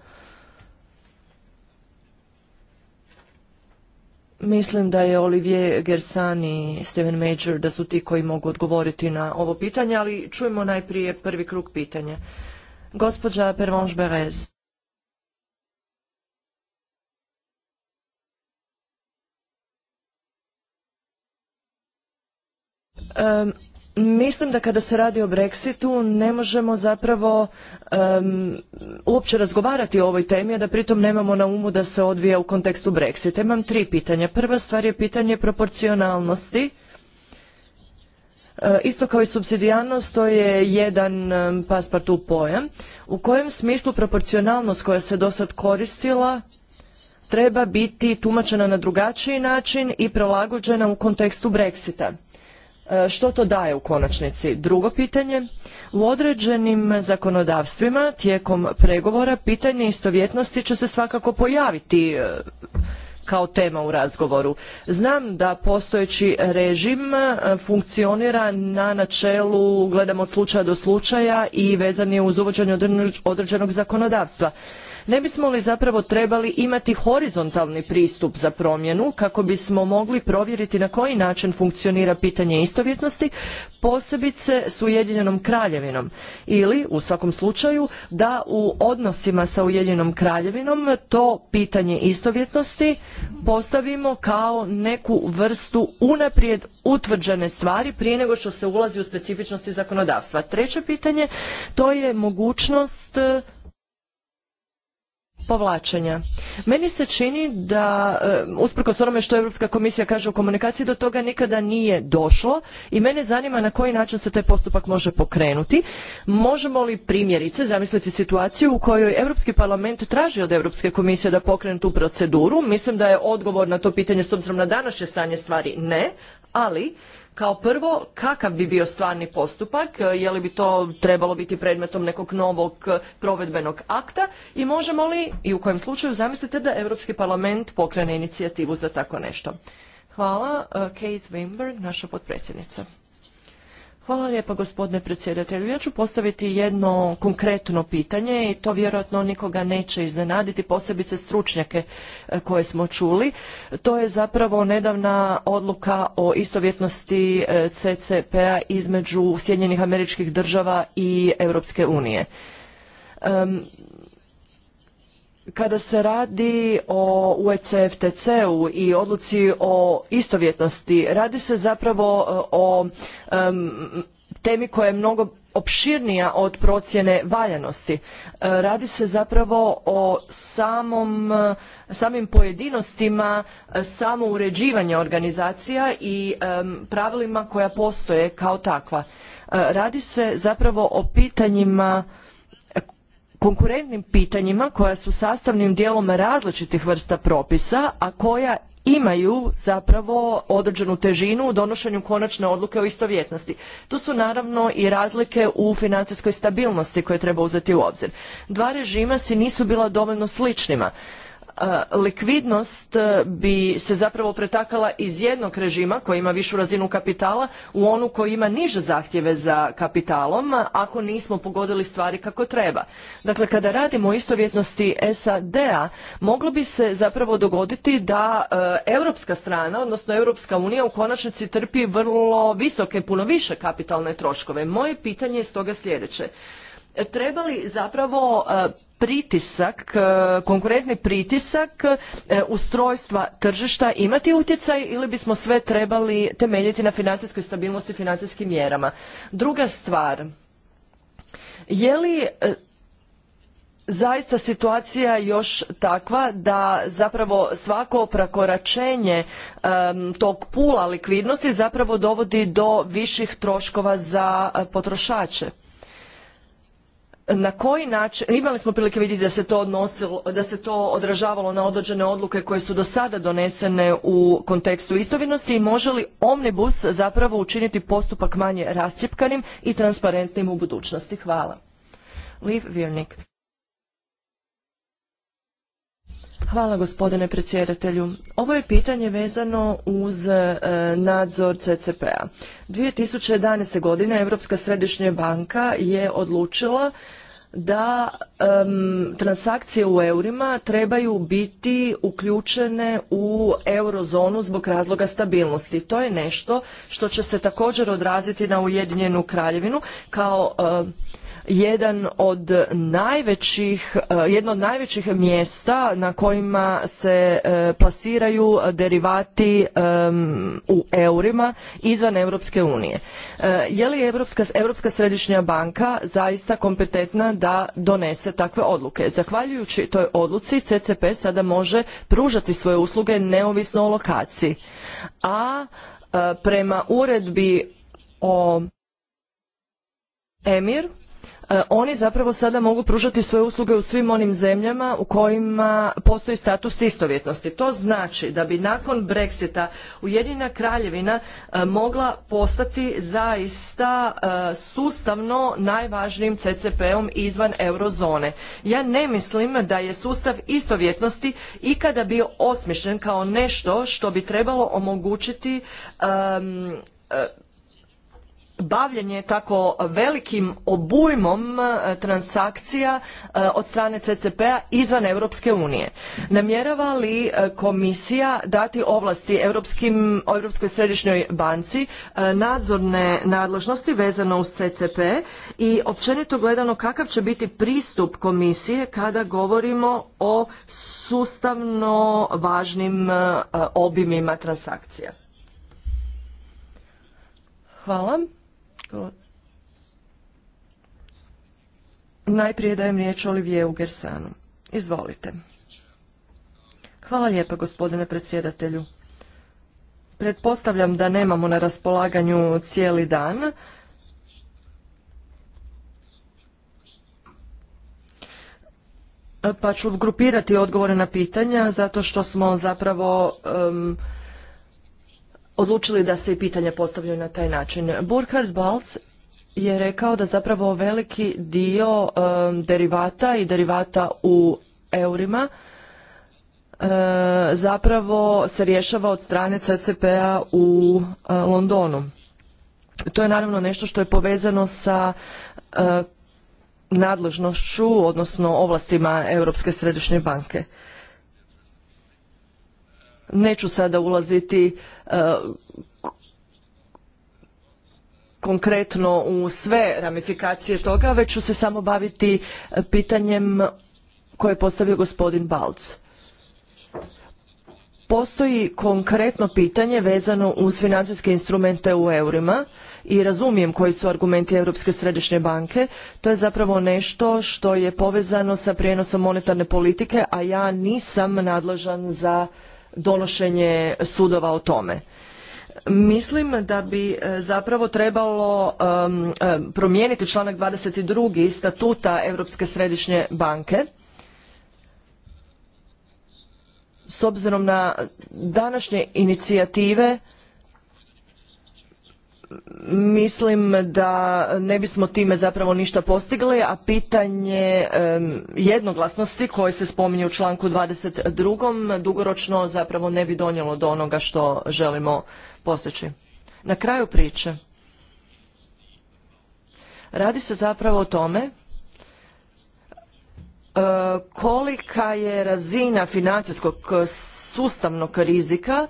[SPEAKER 4] Mislim da je Olivier Gersan i Steven Major da su ti koji mogu odgovoriti na ovo pitanje, ali čujemo najprije prvi krug pitanja. Gospođa Pervonš Berez. mislim da kada se radi o Brexitu ne možemo zapravo uopće razgovarati o ovoj temi, a da pritom nemamo na umu da se odvija u kontekstu Brexita. Imam tri pitanja. Prva stvar je pitanje proporcionalnosti E, isto kao i subsidijarnost, to je jedan e, paspart pojam. U kojem smislu proporcionalnost koja se do koristila treba biti tumačena na drugačiji način i prilagođena u kontekstu Brexita? E, što to daje u konačnici? Drugo pitanje, u određenim zakonodavstvima tijekom pregovora pitanje istovjetnosti će se svakako pojaviti kao tema u razgovoru. Znam da postojeći režim e, funkcionira na načelu gledamo od slučaja do slučaja i vezan je uz uvođenje određenog zakonodavstva. Ne bismo li zapravo trebali imati horizontalni pristup za promjenu kako bismo mogli provjeriti na koji način funkcionira pitanje istovjetnosti, posebice s Ujedinjenom kraljevinom ili u svakom slučaju da u odnosima sa Ujedinjenom kraljevinom to pitanje istovjetnosti postavimo kao neku vrstu unaprijed utvrđene stvari prije nego što se ulazi u specifičnosti zakonodavstva. Treće pitanje to je mogućnost povlačenja. Meni se čini da, e, usprkos onome što Europska komisija kaže u komunikaciji, do toga nikada nije došlo i mene zanima na koji način se taj postupak može pokrenuti. Možemo li primjerice zamisliti situaciju u kojoj Europski parlament traži od Europske komisije da pokrene tu proceduru? Mislim da je odgovor na to pitanje s obzirom na današnje stanje stvari ne, ali kao prvo, kakav bi bio stvarni postupak, e, je li bi to trebalo biti predmetom nekog novog e, provedbenog akta i možemo li i u kojem slučaju zamislite da Europski parlament pokrene inicijativu za tako nešto. Hvala, e, Kate Wimberg, naša potpredsjednica. Hvala lijepa gospodine predsjedatelju. Ja ću postaviti jedno konkretno pitanje i to vjerojatno nikoga neće iznenaditi, posebice stručnjake e, koje smo čuli. To je zapravo nedavna odluka o istovjetnosti e, CCP-a između Sjedinjenih američkih država i Europske unije. Kada se radi o UECFTC-u i odluci o istovjetnosti, radi se zapravo e, o temi koja je mnogo opširnija od procjene valjanosti. E, radi se zapravo o samom, samim pojedinostima e, samouređivanja organizacija i pravilima koja postoje kao takva. Radi se zapravo o pitanjima konkurentnim pitanjima koja su sastavnim dijelom različitih vrsta propisa, a koja imaju zapravo određenu težinu u donošenju konačne odluke o istovjetnosti. Tu su naravno i razlike u financijskoj stabilnosti koje treba uzeti u obzir. Dva režima si nisu bila dovoljno sličnima. E, likvidnost e, bi se zapravo pretakala iz jednog režima koji ima višu razinu kapitala u onu koji ima niže zahtjeve za kapitalom ako nismo pogodili stvari kako treba. Dakle, kada radimo o istovjetnosti SAD-a, moglo bi se zapravo dogoditi da e, europska strana, odnosno Europska unija u konačnici trpi vrlo visoke, puno više kapitalne troškove. Moje pitanje je stoga sljedeće. Treba li zapravo pritisak, eh, konkurentni pritisak eh, ustrojstva tržišta imati utjecaj ili bismo sve trebali temeljiti na financijskoj stabilnosti i financijskim mjerama. Druga stvar, je li eh, zaista situacija još takva da zapravo svako prekoračenje tog pula likvidnosti zapravo dovodi do viših troškova za potrošače? na koji način, imali smo prilike vidjeti da se to odnosilo, da se to odražavalo na određene odluke koje su do sada donesene u kontekstu istovjetnosti i može li omnibus zapravo učiniti postupak manje rascjepkanim i transparentnim u budućnosti. Hvala. Liv Virnik. Hvala gospodine predsjedatelju. Ovo je pitanje vezano uz e, nadzor CCP-a. 2011. godine Europska središnja banka je odlučila da transakcije u eurima trebaju biti uključene u eurozonu zbog razloga stabilnosti. To je nešto što će se također odraziti na Ujedinjenu kraljevinu kao jedan od najvećih, e, jedno od najvećih mjesta na kojima se e, plasiraju derivati u eurima izvan Europske unije. E, je li Europska, Europska središnja banka zaista kompetentna da donese takve odluke? Zahvaljujući toj odluci CCP sada može pružati svoje usluge neovisno o lokaciji. A prema uredbi o Emir E, oni zapravo sada mogu pružati svoje usluge u svim onim zemljama u kojima postoji status istovjetnosti. To znači da bi nakon Brexita Ujedinjena kraljevina e, mogla postati zaista e, sustavno najvažnijim CCP-om izvan eurozone. Ja ne mislim da je sustav istovjetnosti ikada bio osmišljen kao nešto što bi trebalo omogućiti bavljenje tako velikim obujmom e, transakcija e, od strane CCP-a izvan Europske unije. Namjerava li e, komisija dati ovlasti Europskoj središnjoj banci nadzorne nadležnosti vezano uz CCP i općenito gledano kakav će biti pristup komisije kada govorimo o sustavno važnim obimima transakcija? Hvala. Najprije dajem riječ Olivijeu Gersanu. Izvolite. Hvala lijepa gospodine predsjedatelju. Pretpostavljam da nemamo na raspolaganju cijeli dan. Pa ću grupirati odgovore na pitanja zato što smo zapravo odlučili da se i pitanja postavljaju na taj način. Burkhard Balz je rekao da zapravo veliki dio um, derivata i derivata u eurima uh, zapravo se rješava od strane CCP-a u uh, Londonu. To je naravno nešto što je povezano sa uh, nadležnošću, odnosno ovlastima Europske središnje banke. Neću sada ulaziti e, konkretno u sve ramifikacije toga, već ću se samo baviti e, pitanjem koje je postavio gospodin Balc. Postoji konkretno pitanje vezano uz financijske instrumente u eurima i razumijem koji su argumenti Europske središnje banke. To je zapravo nešto što je povezano sa prijenosom monetarne politike, a ja nisam nadležan za donošenje sudova o tome. Mislim da bi e, zapravo trebalo promijeniti članak 22. statuta Europske središnje banke s obzirom na današnje inicijative mislim da ne bismo time zapravo ništa postigli, a pitanje jednoglasnosti koje se spominje u članku 22. dugoročno zapravo ne bi donijelo do onoga što želimo postići. Na kraju priče, radi se zapravo o tome e, kolika je razina financijskog sustavnog rizika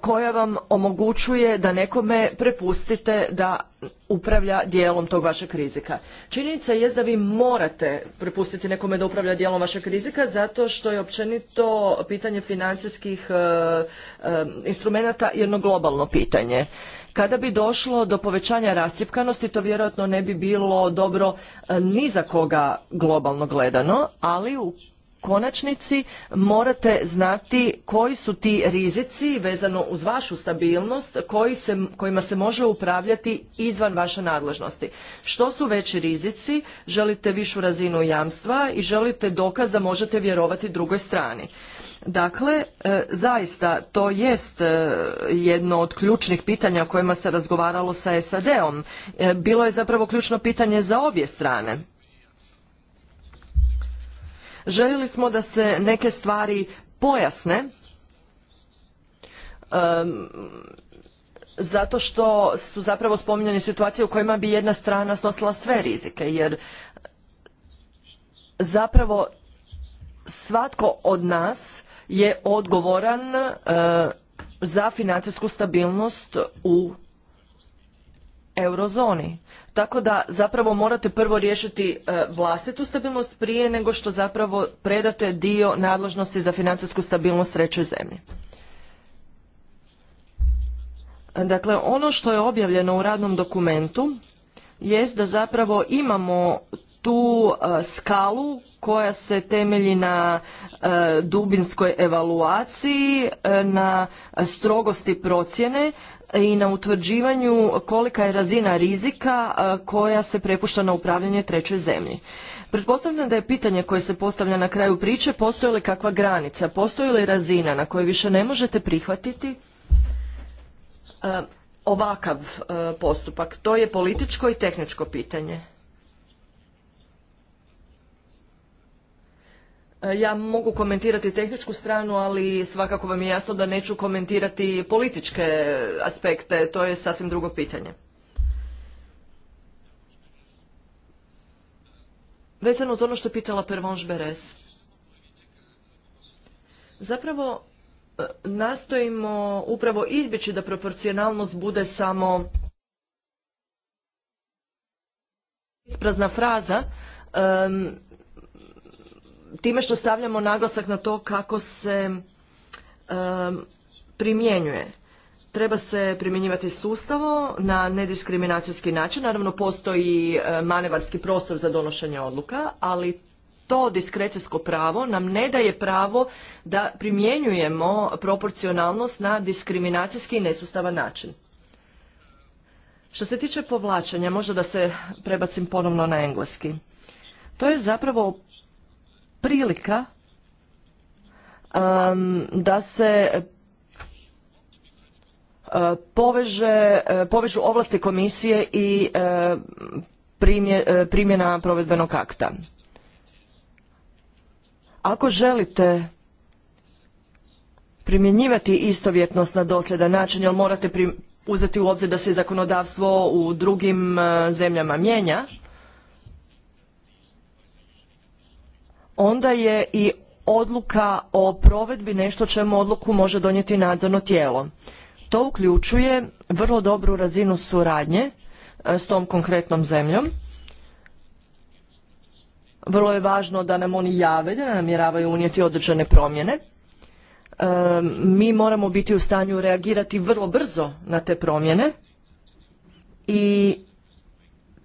[SPEAKER 4] koja vam omogućuje da nekome prepustite da upravlja dijelom tog vašeg rizika. Činjenica je da vi morate prepustiti nekome da upravlja dijelom vašeg rizika zato što je općenito pitanje financijskih e, e instrumenata jedno globalno pitanje. Kada bi došlo do povećanja rascjepkanosti, to vjerojatno ne bi bilo dobro e, ni za koga globalno gledano, ali u konačnici morate znati koji su ti rizici vezano uz vašu stabilnost koji se, kojima se može upravljati izvan vaše nadležnosti. Što su veći rizici, želite višu razinu jamstva i želite dokaz da možete vjerovati drugoj strani. Dakle, e, zaista to jest e, jedno od ključnih pitanja o kojima se razgovaralo sa SAD-om. E, bilo je zapravo ključno pitanje za obje strane. Željeli smo da se neke stvari pojasne, zato što su zapravo spominjane situacije u kojima bi jedna strana snosila sve rizike, jer zapravo svatko od nas je odgovoran za financijsku stabilnost u eurozoni. Tako da zapravo morate prvo riješiti e, vlastitu stabilnost prije nego što zapravo predate dio nadležnosti za financijsku stabilnost trećoj zemlji. Dakle, ono što je objavljeno u radnom dokumentu jest da zapravo imamo tu e, skalu koja se temelji na e, dubinskoj evaluaciji, na strogosti procjene, i na utvrđivanju kolika je razina rizika koja se prepušta na upravljanje trećoj zemlji. Pretpostavljam da je pitanje koje se postavlja na kraju priče postoji li kakva granica, postoji li razina na kojoj više ne možete prihvatiti ovakav postupak. To je političko i tehničko pitanje. E, ja mogu komentirati tehničku stranu, ali svakako vam je jasno da neću komentirati političke aspekte, to je sasvim drugo pitanje. Vezano uz ono što je pitala Pervonš Beres. Zapravo e, nastojimo upravo izbjeći da proporcionalnost bude samo isprazna fraza, time što stavljamo naglasak na to kako se primjenjuje. Treba se primjenjivati sustavo na nediskriminacijski način. Naravno, postoji e, manevarski prostor za donošenje odluka, ali to diskrecijsko pravo nam ne daje pravo da primjenjujemo proporcionalnost na diskriminacijski i nesustavan način. Što se tiče povlačenja, možda da se prebacim ponovno na engleski. To je zapravo prilika um, da se uh, poveže, uh, povežu ovlasti komisije i uh, primjena provedbenog akta. Ako želite primjenjivati istovjetnost na dosljedan način, jer morate uzeti u obzir da se zakonodavstvo u drugim zemljama mijenja, onda je i odluka o provedbi nešto čemu odluku može donijeti nadzorno tijelo. To uključuje vrlo dobru razinu suradnje e, s tom konkretnom zemljom. Vrlo je važno da nam oni jave, da namjeravaju unijeti određene promjene. E, mi moramo biti u stanju reagirati vrlo brzo na te promjene i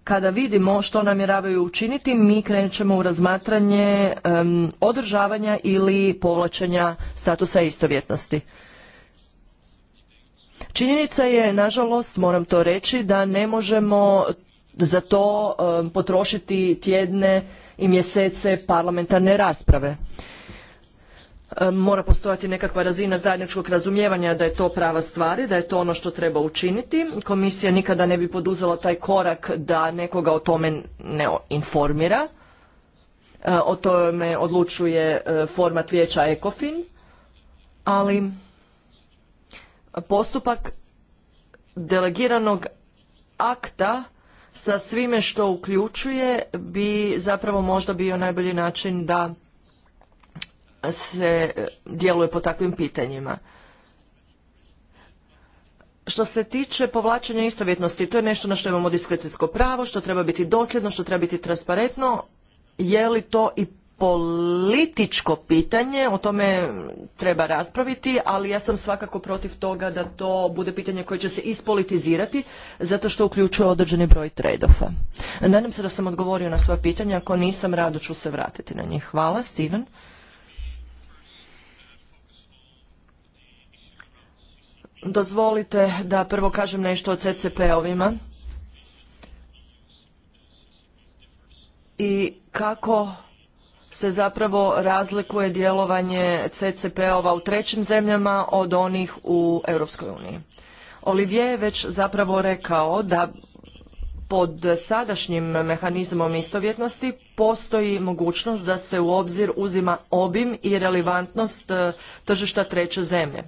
[SPEAKER 4] kada vidimo što namjeravaju učiniti, mi krećemo u razmatranje održavanja ili povlačenja statusa istovjetnosti. Činjenica je, nažalost, moram to reći, da ne možemo za to potrošiti tjedne i mjesece parlamentarne rasprave. E, mora postojati nekakva razina zajedničkog razumijevanja da je to prava stvar i da je to ono što treba učiniti. Komisija nikada ne bi poduzela taj korak da nekoga o tome ne informira. E, o tome odlučuje e, format vijeća ECOFIN, ali postupak delegiranog akta sa svime što uključuje bi zapravo možda bio najbolji način da se e, djeluje po takvim pitanjima. Što se tiče povlačenja istovjetnosti, to je nešto na što imamo diskrecijsko pravo, što treba biti dosljedno, što treba biti transparentno. Je li to i političko pitanje, o tome treba raspraviti, ali ja sam svakako protiv toga da to bude pitanje koje će se ispolitizirati, zato što uključuje određeni broj trade-offa. Nadam se da sam odgovorio na sva pitanja, ako nisam, rado ću se vratiti na njih. Hvala, Steven. Dozvolite da prvo kažem nešto o CCP-ovima i kako se zapravo razlikuje djelovanje CCP-ova u trećim zemljama od onih u Europskoj uniji. Olivier je već zapravo rekao da pod sadašnjim mehanizmom istovjetnosti postoji mogućnost da se u obzir uzima obim i relevantnost e, tržišta treće zemlje.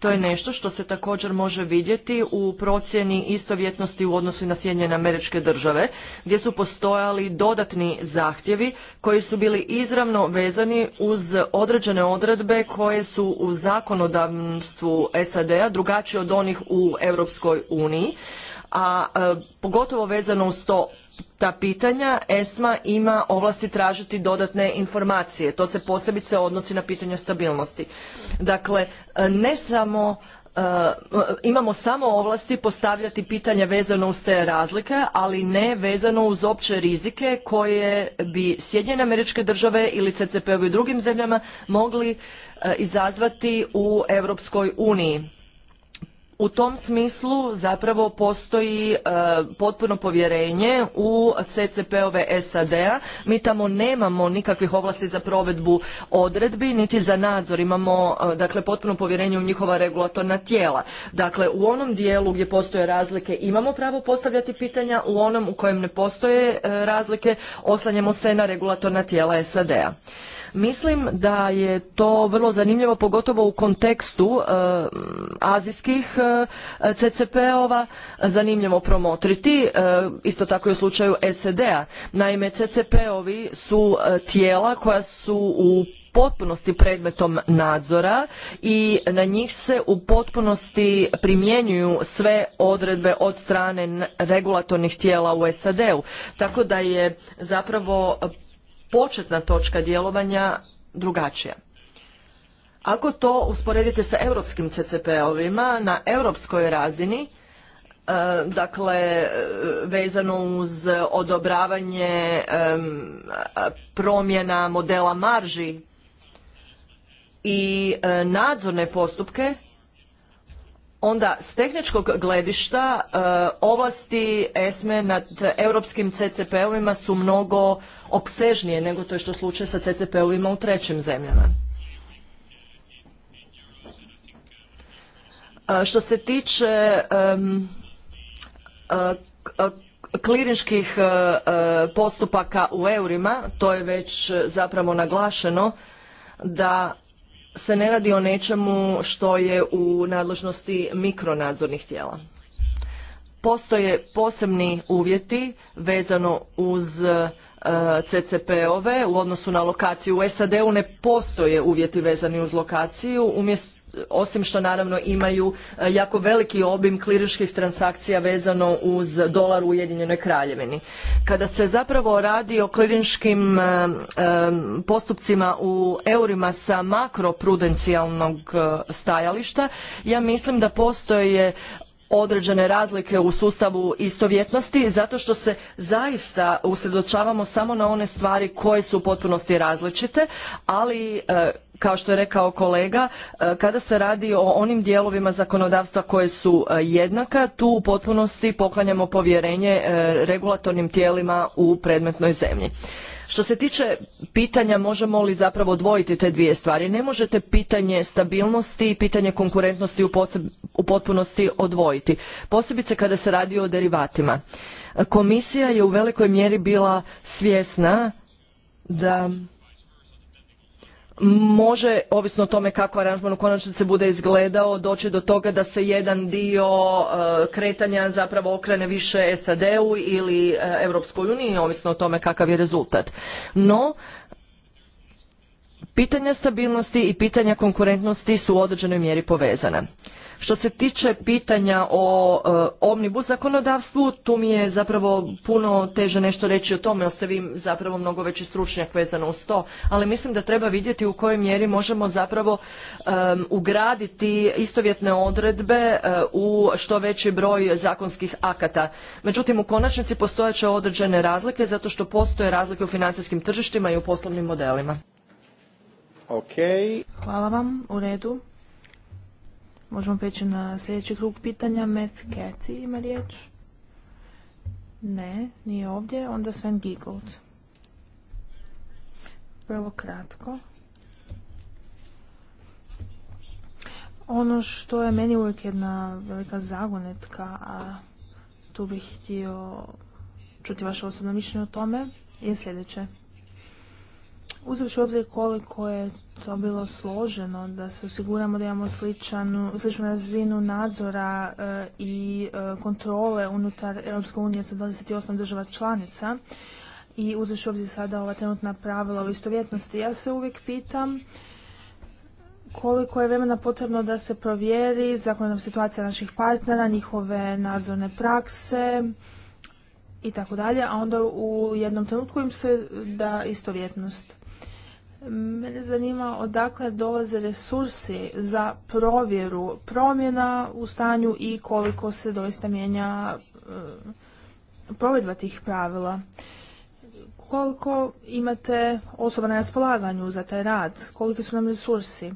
[SPEAKER 4] To je nešto što se također može vidjeti u procjeni istovjetnosti u odnosu na Sjedinjene američke države, gdje su postojali dodatni zahtjevi koji su bili izravno vezani uz određene odredbe koje su u zakonodavstvu SAD-a drugačije od onih u Europskoj uniji, a e, pogotovo vezano uz to ta pitanja ESMA ima ovlasti tražiti dodatne informacije. To se posebice odnosi na pitanje stabilnosti. Dakle, ne samo eh, imamo samo ovlasti postavljati pitanja vezano uz te razlike, ali ne vezano uz opće rizike koje bi Sjedinjene američke države ili ccp u drugim zemljama mogli eh, izazvati u Europskoj uniji u tom smislu zapravo postoji e, potpuno povjerenje u CCP-ove SAD-a. Mi tamo nemamo nikakvih ovlasti za provedbu odredbi, niti za nadzor. Imamo e, dakle potpuno povjerenje u njihova regulatorna tijela. Dakle, u onom dijelu gdje postoje razlike imamo pravo postavljati pitanja, u onom u kojem ne postoje e, razlike oslanjamo se na regulatorna tijela SAD-a. Mislim da je to vrlo zanimljivo, pogotovo u kontekstu e, azijskih e, CCP-ova, zanimljivo promotriti, e, isto tako i u slučaju SED-a. Naime, CCP-ovi su tijela koja su u potpunosti predmetom nadzora i na njih se u potpunosti primjenjuju sve odredbe od strane regulatornih tijela u SAD-u. Tako da je zapravo početna točka djelovanja drugačija. Ako to usporedite sa europskim CCP-ovima na europskoj razini, e, dakle e, vezano uz odobravanje e, promjena modela marži i nadzorne postupke, onda s tehničkog gledišta ovlasti ESME nad europskim CCP-ovima su mnogo opsežnije nego to je što slučaj sa CCP-ovima u trećim zemljama. Što se tiče kliničkih e, e, postupaka u eurima, to je već zapravo naglašeno da se ne radi o nečemu što je u nadležnosti mikronadzornih tijela. Postoje posebni uvjeti vezano uz E, CCP-ove u odnosu na lokaciju. U SAD-u ne postoje uvjeti vezani uz lokaciju, umjesto osim što naravno imaju e, jako veliki obim kliriških transakcija vezano uz dolar u Ujedinjenoj kraljevini. Kada se zapravo radi o kliriškim e, postupcima u eurima sa makroprudencijalnog stajališta, ja mislim da postoje određene razlike u sustavu istovjetnosti zato što se zaista usredočavamo samo na one stvari koje su u potpunosti različite, ali e, kao što je rekao kolega, e, kada se radi o onim dijelovima zakonodavstva koje su e, jednaka, tu u potpunosti poklanjamo povjerenje regulatornim tijelima u predmetnoj zemlji. Što se tiče pitanja možemo li zapravo odvojiti te dvije stvari, ne možete pitanje stabilnosti i pitanje konkurentnosti u potpunosti odvojiti. Posebice kada se radi o derivatima. Komisija je u velikoj mjeri bila svjesna da može, ovisno o tome kako aranžman u konačnici bude izgledao, doći do toga da se jedan dio e, kretanja zapravo okrene više SAD-u ili e, Europskoj uniji, ovisno o tome kakav je rezultat. No, pitanja stabilnosti i pitanja konkurentnosti su u određenoj mjeri povezana. Što se tiče pitanja o omnibu e, omnibus zakonodavstvu, tu mi je zapravo puno teže nešto reći o tome, jer ste vi zapravo mnogo veći stručnjak vezano uz to, ali mislim da treba vidjeti u kojoj mjeri možemo zapravo ugraditi istovjetne odredbe e, u što veći broj zakonskih akata. Međutim, u konačnici postojeće određene razlike zato što postoje razlike u financijskim tržištima i u poslovnim modelima.
[SPEAKER 2] Hvala vam, u redu. Možemo preći na sljedeći krug pitanja. Matt Cathy ima riječ? Ne, nije ovdje. Onda Sven Giggold. Vrlo kratko. Ono što je meni uvijek jedna velika zagonetka, a tu bih htio čuti vaše osobno mišljenje o tome, je sljedeće. Uzavši obzir koliko je to bilo složeno, da se osiguramo da imamo sličanu, sličnu razinu nadzora eh, i eh, kontrole unutar Europske unije sa 28 država članica i uzeš obzir sada ova trenutna pravila o istovjetnosti. Ja se uvijek pitam koliko je vremena potrebno da se provjeri zakonodavna situacija naših partnera, njihove nadzorne prakse, i tako dalje, a onda u jednom trenutku im se da istovjetnost. Mene zanima odakle dolaze resursi za provjeru promjena u stanju i koliko se doista mijenja e, provedba tih pravila. Koliko imate osoba na raspolaganju za taj rad, koliki su nam resursi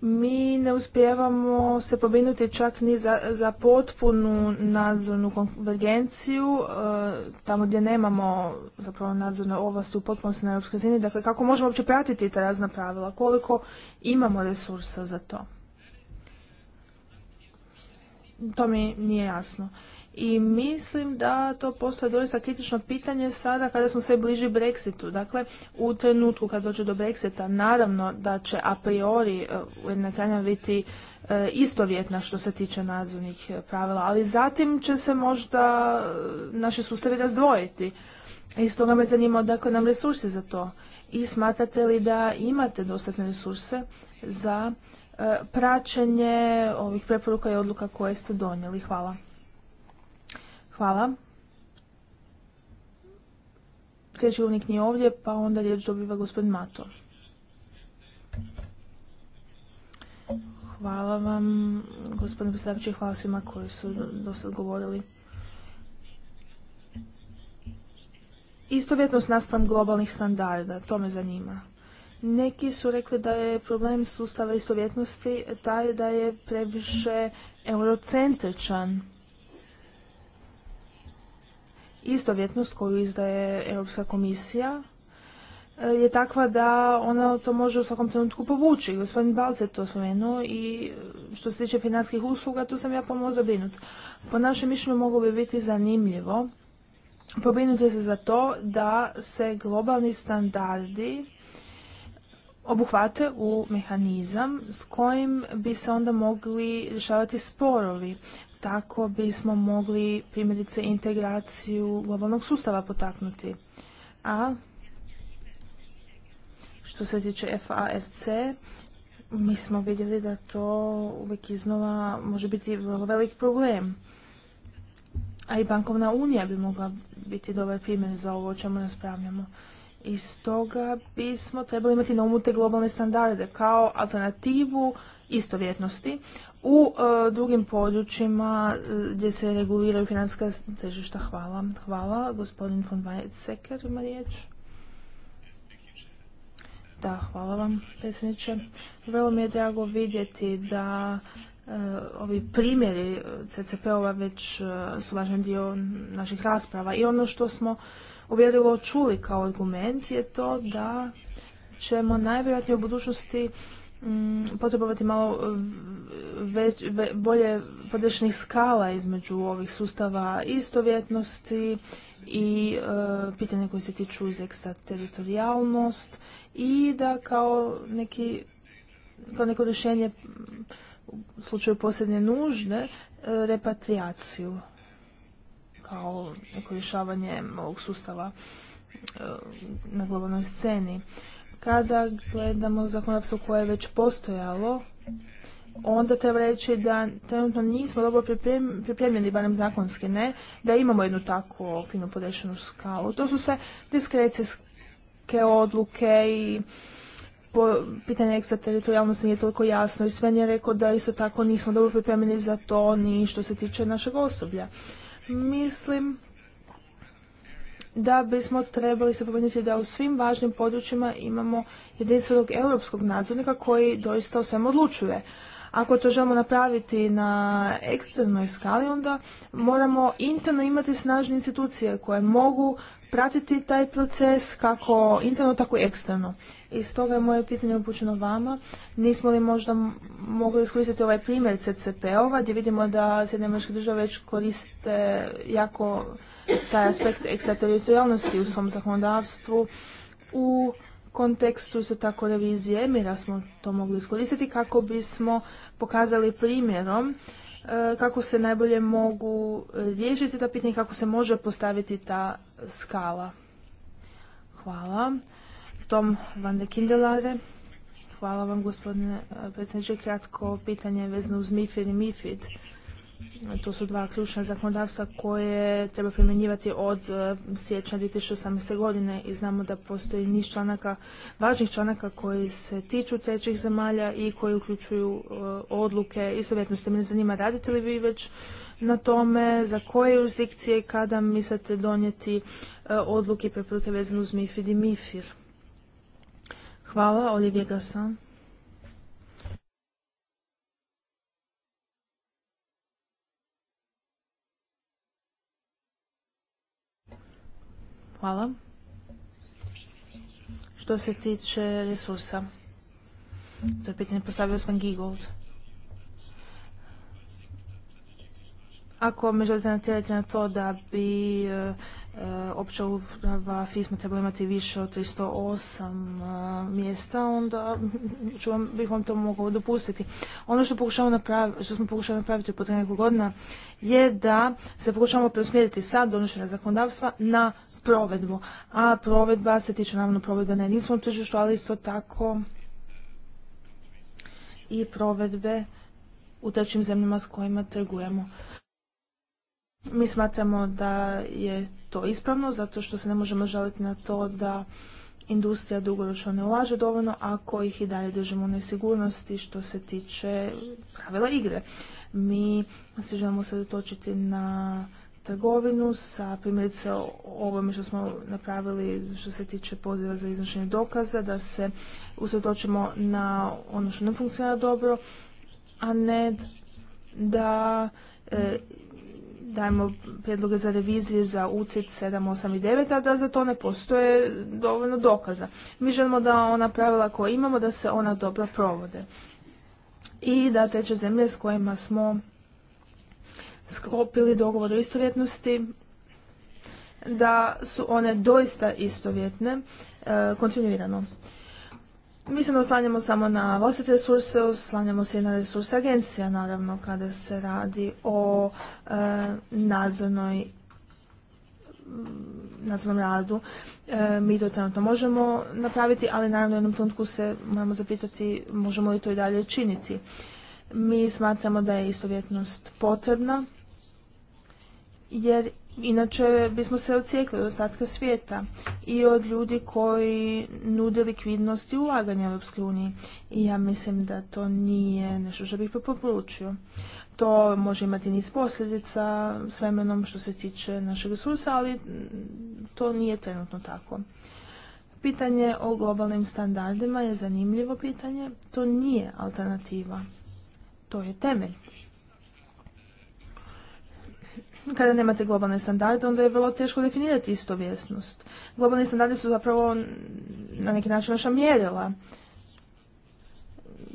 [SPEAKER 2] mi ne uspijevamo se pobinuti čak ni za, za potpunu nadzornu konvergenciju, e, tamo gdje nemamo zapravo nadzorne ovlasti u potpunosti na europskoj razini. Dakle, kako možemo uopće pratiti ta razna pravila? Koliko imamo resursa za to? To mi nije jasno i mislim da to postoje doista kritično pitanje sada kada smo sve bliži Brexitu. Dakle, u trenutku kad dođe do Brexita, naravno da će a priori Ujedna eh, krajina biti eh, istovjetna što se tiče nadzornih eh, pravila, ali zatim će se možda naši sustavi razdvojiti. I stoga me zanima odakle nam resursi za to. I smatrate li da imate dostatne resurse za praćenje ovih preporuka i odluka koje ste donijeli? Hvala. Hvala. Sljedeći govornik nije ovdje, pa onda riječ dobiva gospodin Mato. Hvala vam, gospodine predstavljajući, hvala svima koji su do govorili. Istovjetnost naspram globalnih standarda, to me zanima. Neki su rekli da je problem sustava istovjetnosti taj da je previše eurocentričan istovjetnost koju izdaje Europska komisija e, je takva da ona to može u svakom trenutku povući. Gospodin Balc je to spomenuo i e, što se tiče financijskih usluga, tu sam ja pomalo zabrinut. Po našem mišljenju moglo bi biti zanimljivo pobrinuti se za to da se globalni standardi obuhvate u mehanizam s kojim bi se onda mogli rješavati sporovi tako bismo mogli primjerice integraciju globalnog sustava potaknuti. A što se tiče FARC, mi smo vidjeli da to uvijek iznova može biti vrlo velik problem. A i bankovna unija bi mogla biti dobar primjer za ovo o čemu raspravljamo. I stoga bismo trebali imati na umu te globalne standarde kao alternativu istovjetnosti u e, drugim područjima e, gdje se reguliraju financijska tržišta. Hvala. Hvala. Gospodin von Weizsäcker ima riječ. Da, hvala vam, predsjedniče. Vrlo mi je drago vidjeti da e, ovi primjeri CCP-ova već su važan dio naših rasprava i ono što smo uvjerilo čuli kao argument je to da ćemo najvjerojatnije u budućnosti Mm, potrebovati malo e, već, bolje podešnih skala između ovih sustava istovjetnosti i e, pitanja koje se tiču uz teritorijalnost i da kao neki kao neko rješenje u slučaju posebne nužde e, repatriaciju kao neko rješavanje ovog sustava e, na globalnoj sceni. Kada gledamo zakonodavstvo koje je već postojalo, onda treba reći da trenutno nismo dobro pripremljeni, barem zakonski ne, da imamo jednu takvu fino podešenu skalu. To su sve diskrecijske odluke i po, pitanje ekstrateritorijalnosti nije toliko jasno i Sven je rekao da isto tako nismo dobro pripremljeni za to ni što se tiče našeg osoblja. Mislim da bismo trebali se pobrinuti da u svim važnim područjima imamo jedinstvenog europskog nadzornika koji doista o svemu odlučuje. Ako to želimo napraviti na eksternoj skali, onda moramo interno imati snažne institucije koje mogu pratiti taj proces kako interno, tako i eksterno. I stoga je moje pitanje upućeno vama. Nismo li možda mogli iskoristiti ovaj primjer CCP-ova gdje vidimo da Sjedinje američke države već koriste jako taj aspekt ekstrateritorijalnosti u svom zakonodavstvu u kontekstu se tako revizije da smo to mogli iskoristiti kako bismo pokazali primjerom E, kako se najbolje mogu riješiti e, ta pitanja i kako se može postaviti ta skala. Hvala. Tom van de Kindelare. Hvala vam gospodine e, predsjedniče. Kratko pitanje vezano uz MIFID i MIFID. To su dva ključna zakonodavstva koje treba primjenjivati od e, siječnja 2018. godine i znamo da postoji niz članaka, važnih članaka koji se tiču trećih zemalja i koji uključuju e, odluke i sovjetnosti. Mene zanima radite li vi već na tome za koje jurisdikcije i kada mislite donijeti e, odluke i preporuke vezane uz MIFID i MIFIR. Hvala, Olivier Gassan. Hvala. Što se tiče resursa, to je pitanje postavio sam Gigold. Ako me želite natjerati na to da bi eh, E, opća uprava FISMA treba imati više od 308 e, mjesta, onda bih vam to mogao dopustiti. Ono što, smo pokušali napraviti u nekoliko godina je da se pokušamo preusmjeriti sa donošenja zakonodavstva na provedbu. A provedba se tiče naravno provedbe na jedinstvenom tržištu, ali isto tako i provedbe u trećim zemljama s kojima trgujemo. Mi smatramo da je to ispravno, zato što se ne možemo žaliti na to da industrija dugoročno ne ulaže dovoljno ako ih i dalje držimo u nesigurnosti što se tiče pravila igre. Mi se želimo sredotočiti na trgovinu sa primjerice ovome što smo napravili što se tiče poziva za iznošenje dokaza, da se usredotočimo na ono što ne funkcionira dobro, a ne da e, dajemo prijedloge za revizije za UCIT 7, 8 i 9, a da za to ne postoje dovoljno dokaza. Mi želimo da ona pravila koja imamo, da se ona dobro provode. I da teče zemlje s kojima smo sklopili dogovor o istovjetnosti, da su one doista istovjetne e, kontinuirano. Mi se ne oslanjamo samo na vlastite resurse, oslanjamo se i na resurse agencija, naravno, kada se radi o e, nadzornoj mm, nadzornom radu. E, mi to trenutno možemo napraviti, ali naravno u jednom trenutku se moramo zapitati možemo li to i dalje činiti. Mi smatramo da je istovjetnost potrebna, jer Inače bismo se ocijekli od ostatka svijeta i od ljudi koji nude likvidnost i ulaganje Europske unije. I ja mislim da to nije nešto što bih preporučio. To može imati niz posljedica s vremenom što se tiče našeg resursa, ali to nije trenutno tako. Pitanje o globalnim standardima je zanimljivo pitanje. To nije alternativa. To je temelj kada nemate globalne standarde, onda je vrlo teško definirati istovjesnost. Globalni standardi su zapravo na neki način naša mjerila.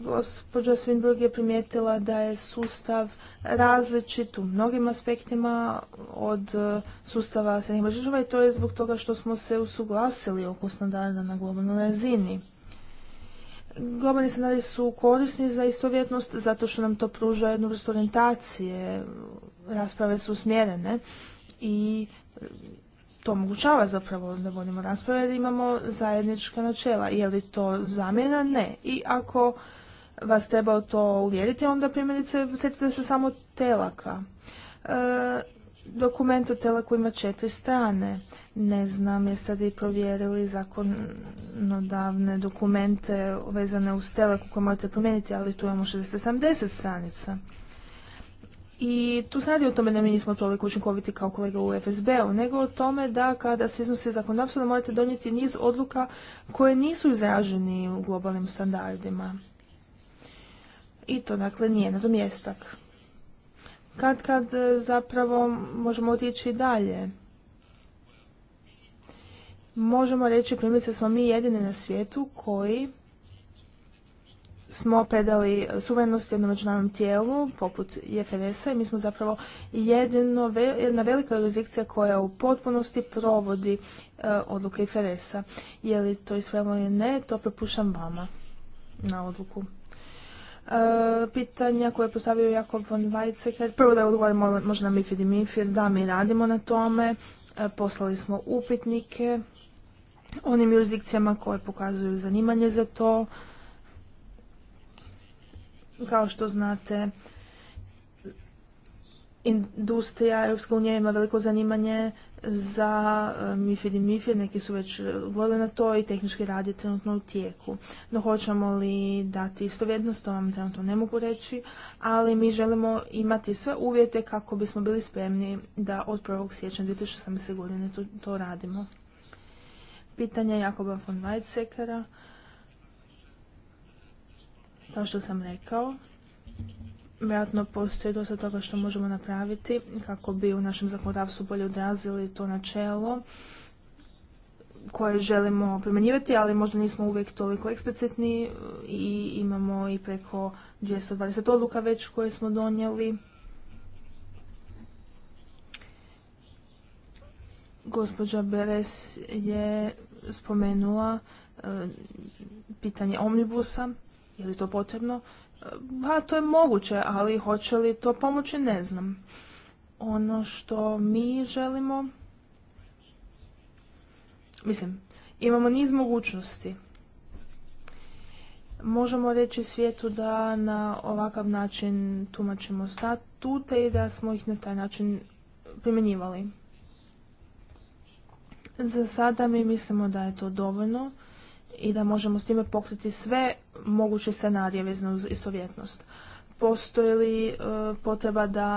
[SPEAKER 2] Gospođa Svinburg je primijetila da je sustav različit u mnogim aspektima od e, sustava srednjih država i to je zbog toga što smo se usuglasili oko standarda na globalnoj razini. Globalni standardi su korisni za istovjetnost zato što nam to pruža jednu vrstu orientacije rasprave su usmjerene i to omogućava zapravo da vodimo rasprave jer imamo zajednička načela. Je li to zamjena? Ne. I ako vas treba to uvjeriti, onda primjerice sjetite se samo telaka. E, dokument o telaku ima četiri strane. Ne znam jeste li provjerili zakonodavne dokumente vezane uz telaku koje morate promijeniti, ali tu imamo 60-70 stranica. I tu se radi o tome da mi nismo toliko učinkoviti kao kolega u FSB-u, nego o tome da kada se iznose zakonodavstvo da morate donijeti niz odluka koje nisu izraženi u globalnim standardima. I to dakle nije na mjestak. Kad kad e, zapravo možemo otići dalje. Možemo reći primjerice smo mi jedini na svijetu koji smo predali suverenost jednom međunarodnom tijelu, poput IFRS-a, i mi smo zapravo jedna velika jurisdikcija koja u potpunosti provodi eh, odluke IFRS-a. Je li to ispravljeno ili ne, to prepušam vama na odluku. Eh, pitanja koje je postavio Jakob von Weizsäcker. Prvo da odgovorimo možda na MIFID i MIFIR, da mi radimo na tome. Eh, poslali smo upitnike onim jurisdikcijama koje pokazuju zanimanje za to kao što znate, industrija EU ima veliko zanimanje za e, MIFID i MIFID, neki su već e, govorili na to i tehnički rad je trenutno u tijeku. No hoćemo li dati istovjednost, to vam trenutno ne mogu reći, ali mi želimo imati sve uvjete kako bismo bili spremni da od 1. siječnja 2018. godine to, to radimo. Pitanje Jakoba von Weizsäckera kao što sam rekao, vjerojatno postoji dosta toga što možemo napraviti kako bi u našem zakonodavstvu bolje odrazili to načelo koje želimo primjenjivati, ali možda nismo uvijek toliko eksplicitni e, i imamo i preko 220 odluka već koje smo donijeli. Gospođa Beres je spomenula e, pitanje omnibusa je li to potrebno? Eh, a to je moguće, ali hoće li to pomoći ne znam. Ono što mi želimo, mislim, imamo niz mogućnosti. Možemo reći svijetu da na ovakav način tumačimo statute i da smo ih na taj način primjenjivali. Za sada mi mislimo da je to dovoljno i da možemo s time pokriti sve moguće scenarije vezano uz istovjetnost. Postoji li e, potreba da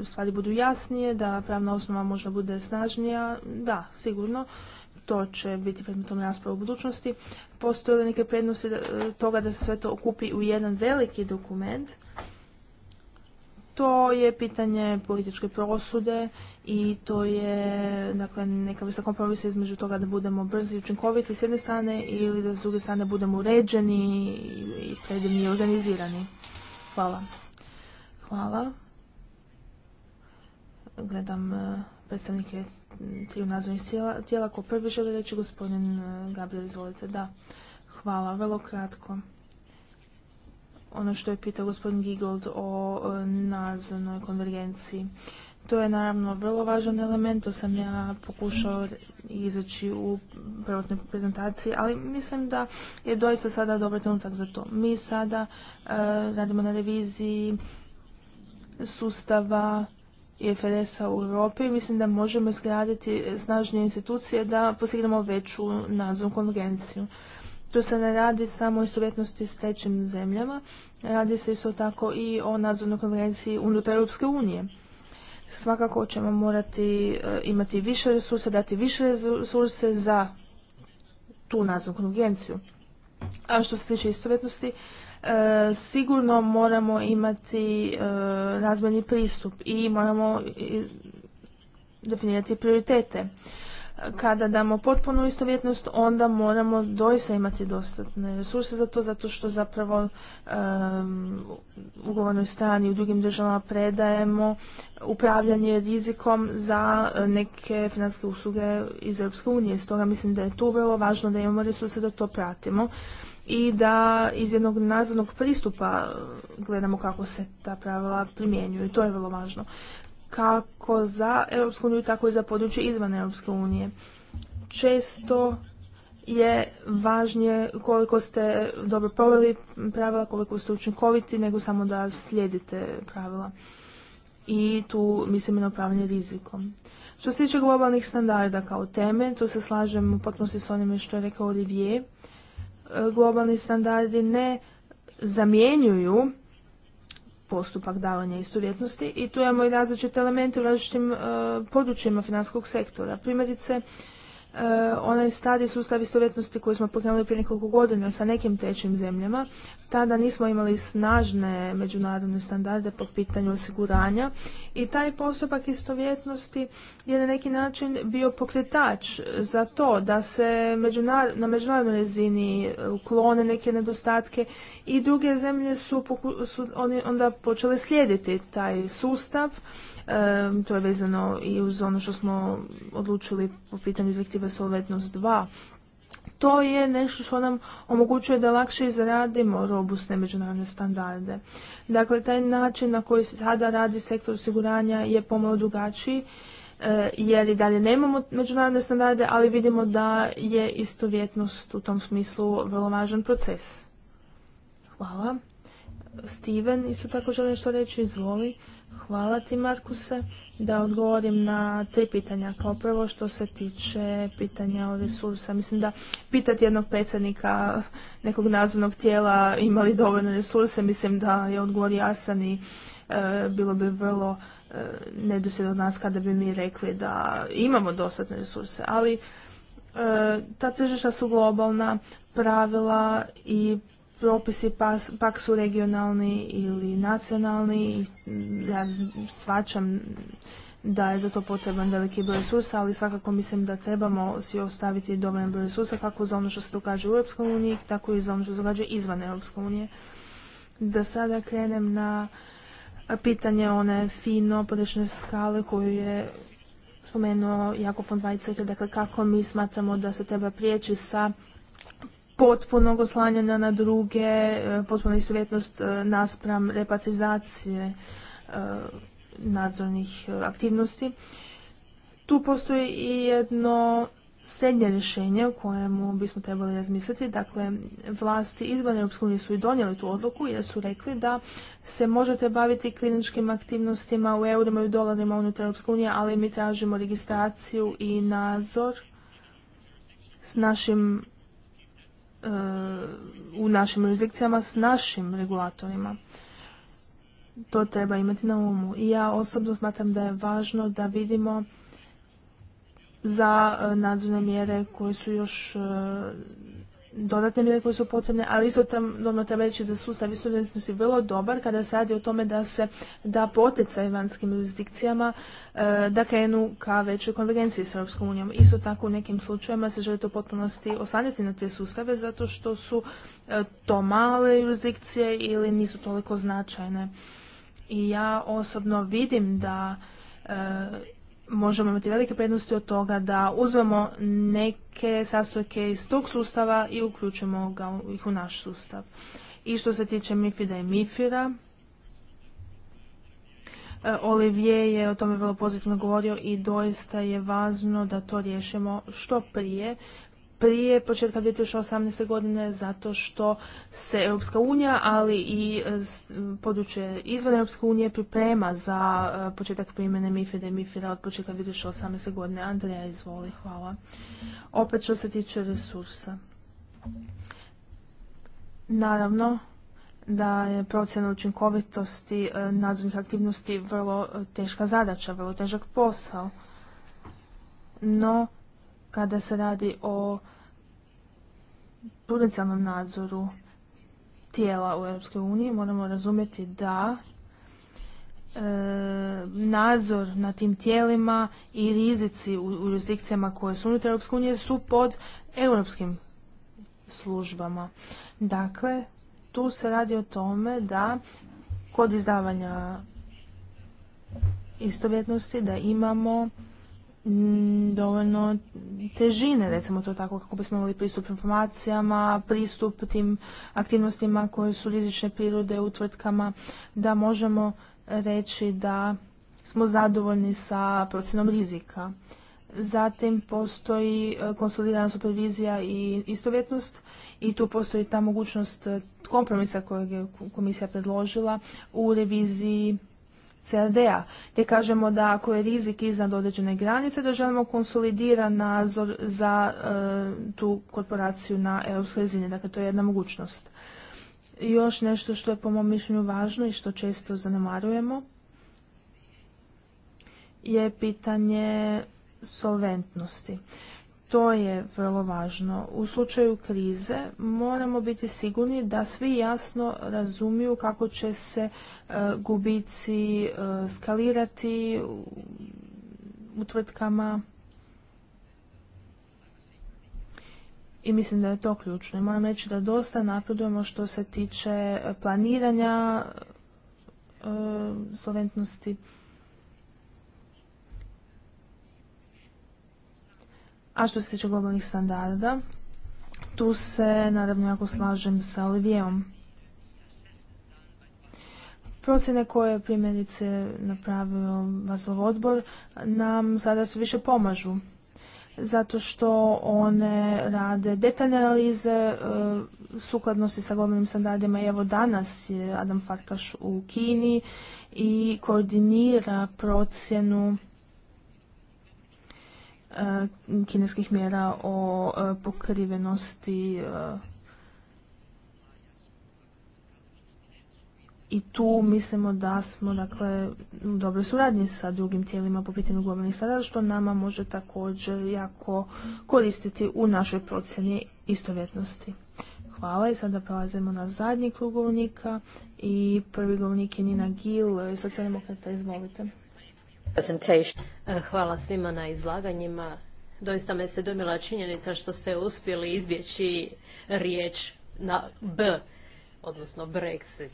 [SPEAKER 2] e, stvari budu jasnije, da pravna osnova možda bude snažnija? Da, sigurno. To će biti predmetom rasprave u budućnosti. Postoje li neke prednosti e, toga da se sve to okupi u jedan veliki dokument? to je pitanje političke prosude i to je dakle, neka vrsta kompromisa između toga da budemo brzi i učinkoviti s jedne strane ili da s druge strane budemo uređeni i predivni i organizirani. Hvala. Hvala. Gledam eh, predstavnike triju nadzornih tijela. Ko prvi želi reći, gospodin eh, Gabriel, izvolite. Da. Hvala. Vrlo kratko ono što je pitao gospodin Gigold o e, nadzornoj konvergenciji. To je naravno vrlo važan element, to sam ja pokušao izaći u prvotnoj prezentaciji, ali mislim da je doista sada dobar trenutak za to. Mi sada e, radimo na reviziji sustava IFRS-a u Europi. Mislim da možemo izgraditi snažnije institucije da postignemo veću nadzornu konvergenciju. Tu se ne radi samo o istovjetnosti s trećim zemljama, radi se isto tako i o nadzornoj konvenciji unutar Europske unije. Svakako ćemo morati e, imati više resursa, dati više resurse za tu nadzornu konvenciju. A što se tiče istovjetnosti, e, sigurno moramo imati e, razmjerni pristup i moramo definirati prioritete kada damo potpunu istovjetnost, onda moramo doista imati dostatne resurse za to, zato što zapravo u ugovornoj strani u drugim državama predajemo upravljanje rizikom za neke financijske usluge iz Europske unije. Stoga mislim da je tu vrlo važno da imamo resurse da to pratimo i da iz jednog nadzornog pristupa gledamo kako se ta pravila primjenjuju. To je vrlo važno kako za Europsku uniju, tako i za područje izvan Europske unije. Često je važnije koliko ste dobro proveli pravila, koliko ste učinkoviti, nego samo da slijedite pravila. I tu mislim na upravljanje rizikom. Što se tiče globalnih standarda kao teme, tu se slažem potpunosti s onime što je rekao Olivier. E, globalni standardi ne zamjenjuju postupak davanja istovjetnosti i tu imamo i različite elemente u različitim e, područjima finanskog sektora. Primjerice, Eh, onaj stari sustav istovjetnosti koji smo pokrenuli prije nekoliko godina sa nekim trećim zemljama, tada nismo imali snažne međunarodne standarde po pitanju osiguranja i taj postupak istovjetnosti je na neki način bio pokretač za to da se međunar na međunarodnoj razini uklone neke nedostatke i druge zemlje su, su onda počele slijediti taj sustav to je vezano i uz ono što smo odlučili po pitanju direktive Solventnost 2. To je nešto što nam omogućuje da lakše izradimo robustne međunarodne standarde. Dakle, taj način na koji se sada radi sektor osiguranja je pomalo drugačiji eh, jer i dalje nemamo međunarodne standarde, ali vidimo da je istovjetnost u tom smislu vrlo važan proces. Hvala. Steven, isto tako želim što reći, izvoli. Hvala ti Markuse. Da odgovorim na tri pitanja. Kao prvo što se tiče pitanja o resursa. Mislim da pitati jednog predsjednika nekog nadzornog tijela ima li dovoljno resurse, mislim da je odgovor jasan i e, bilo bi vrlo e, od nas kada bi mi rekli da imamo dostatne resurse. Ali e, ta tržišta su globalna pravila i propisi pak su regionalni ili nacionalni. Ja svačam da je za to potreban veliki broj resursa, ali svakako mislim da trebamo si ostaviti dovoljan broj resursa kako za ono što se događa u Europskoj uniji, tako i za ono što se događa izvan Europske unije. Da sada krenem na pitanje one fino podrečne skale koju je spomenuo Jako von Weizsäcker, dakle kako mi smatramo da se treba prijeći sa potpunog oslanjanja na druge, e, potpuna istovjetnost e, naspram repatizacije e, nadzornih aktivnosti. Tu postoji i jedno srednje rješenje o kojemu bismo trebali razmisliti. Dakle, vlasti izvan EU su i donijeli tu odluku jer su rekli da se možete baviti kliničkim aktivnostima u eurima i u dolarima unutar EU, ali mi tražimo registraciju i nadzor s našim u našim jurisdikcijama s našim regulatorima. To treba imati na umu. I ja osobno smatram da je važno da vidimo za e, nadzorne mjere koje su još e, dodatne mjere koje su potrebne, ali isto tam treba reći da sustav se vrlo dobar kada se radi o tome da se da poticaj vanjskim jurisdikcijama e, da krenu ka većoj konvergenciji s Europskom unijom. Isto tako u nekim slučajevima se želite u potpunosti osanjati na te sustave zato što su e, to male jurisdikcije ili nisu toliko značajne. I ja osobno vidim da e, možemo imati velike prednosti od toga da uzmemo neke sastojke iz tog sustava i uključimo ga, ih u naš sustav. I što se tiče mifida i mifira. E, Olivier je o tome vrlo pozitivno govorio i doista je važno da to riješimo što prije prije početka 2018. godine zato što se Europska unija, ali i e, područje izvan Europske unije priprema za e, početak primjene mifid i mifid od početka 2018. godine. Andreja, izvoli, hvala. Opet što se tiče resursa. Naravno, da je procjena učinkovitosti e, nadzornih aktivnosti vrlo teška zadaća, vrlo težak posao. No, kada se radi o prudencijalnom nadzoru tijela u EU moramo razumjeti da e, nadzor na tim tijelima i rizici u, u jurisdikcijama koje su unutar EU su pod europskim službama. Dakle, tu se radi o tome da kod izdavanja istovjetnosti da imamo Mm, dovoljno težine, recimo to tako, kako bismo imali pristup informacijama, pristup tim aktivnostima koje su rizične prirode u tvrtkama, da možemo reći da smo zadovoljni sa procenom rizika. Zatim postoji e, konsolidirana supervizija i istovjetnost i tu postoji ta mogućnost kompromisa kojeg je komisija predložila u reviziji CRD-a, gdje kažemo da ako je rizik iznad određene granice, da želimo konsolidiran nadzor za e, tu korporaciju na europskoj razini. Dakle, to je jedna mogućnost. Još nešto što je po mom mišljenju važno i što često zanemarujemo je pitanje solventnosti. To je vrlo važno. U slučaju krize moramo biti sigurni da svi jasno razumiju kako će se e, gubici e, skalirati u, tvrtkama. I mislim da je to ključno. I moram reći da dosta napredujemo što se tiče planiranja e, solventnosti A što se tiče globalnih standarda, tu se naravno jako slažem sa Olivijom. Procjene koje primjerice napravio Vazov odbor nam sada sve više pomažu zato što one rade detaljne analize e, sukladnosti sa globalnim standardima i evo danas je Adam Farkaš u Kini i koordinira procjenu Eh, kineskih mjera o eh, pokrivenosti eh, i tu mislimo da smo dakle u dobroj suradnji sa drugim tijelima po pitanju globalnih sada što nama može također jako koristiti u našoj procjeni istovjetnosti. Hvala i sada prelazimo na zadnji krug govornika i prvi govornik je Nina Gil, socijaldemokrata, izvolite.
[SPEAKER 3] E, hvala svima na izlaganjima. Doista me se domila činjenica što ste uspjeli izbjeći riječ na B, odnosno Brexit.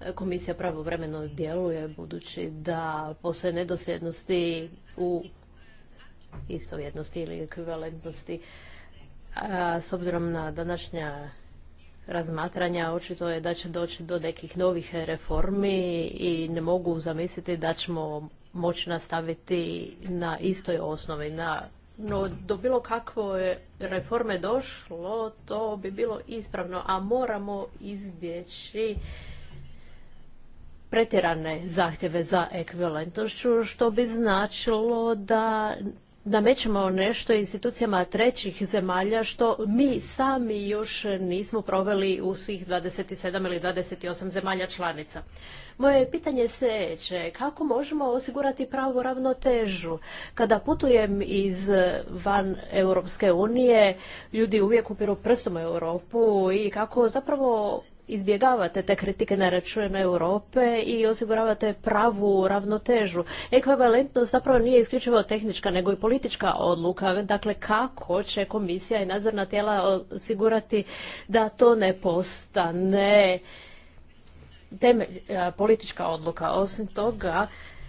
[SPEAKER 3] E, komisija pravovremeno djeluje budući da postoje nedosljednosti u istovjetnosti ili ekvivalentnosti. s obzirom na današnja razmatranja očito je da će doći do nekih novih reformi i ne mogu zamisliti da ćemo moći nastaviti na istoj osnovi. Na, no, do bilo kakve reforme došlo, to bi bilo ispravno, a moramo izbjeći pretjerane zahtjeve za ekvivalentnošću, što bi značilo da namećemo nešto institucijama trećih zemalja što mi sami još nismo proveli u svih 27 ili 28 zemalja članica. Moje pitanje se kako možemo osigurati pravu ravnotežu? Kada putujem iz van Europske unije, ljudi uvijek upiru prstom u Europu i kako zapravo izbjegavate te kritike na račun Europe i osiguravate pravu ravnotežu. Ekvivalentnost zapravo nije isključivo tehnička, nego i politička odluka. Dakle, kako će komisija i nadzorna tijela osigurati da to ne postane temelj, politička odluka. Osim toga,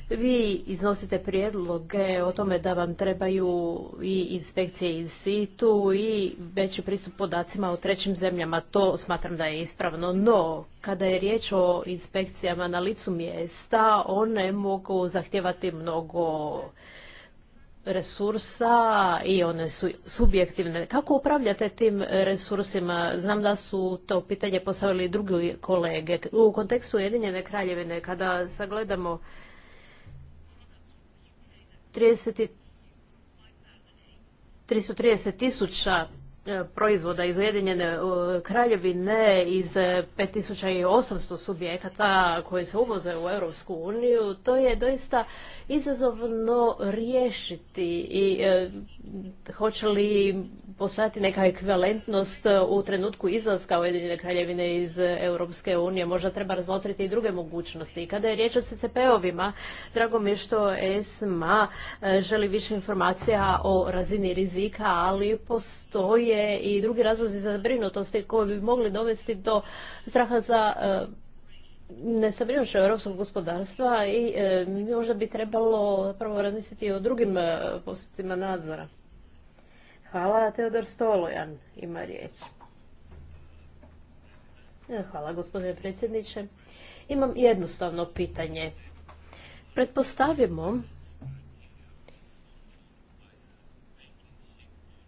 [SPEAKER 3] vi iznosite prijedloge o tome da vam trebaju i inspekcije iz situ i veći pristup podacima u trećim zemljama. To smatram da je ispravno. No, kada je riječ o inspekcijama na licu mjesta, one mogu zahtijevati mnogo resursa i one su subjektivne. Kako upravljate tim resursima? Znam da su to pitanje postavili drugi kolege. U kontekstu Ujedinjene kraljevine, kada sagledamo 330 tisuća e, proizvoda iz Ujedinjene e, kraljevine iz 5800 e, subjekata koji se uvoze u Europsku uniju, to je doista izazovno riješiti i hoće li postojati neka ekvivalentnost e, u trenutku izlaska Ujedinjene kraljevine iz Europske unije? Možda treba razmotriti i druge mogućnosti. I kada je riječ o CCP-ovima, drago mi je što ESMA e, želi više informacija o razini rizika, ali postoje i drugi razlozi za zabrinutosti koji bi mogli dovesti do straha za e, nestabilnošću europskog gospodarstva i e, možda bi trebalo prvo razmisliti o drugim e, postupcima nadzora. Hvala, Teodor Stolojan ima riječ. E, hvala, gospodine predsjedniče. Imam jednostavno pitanje. Pretpostavimo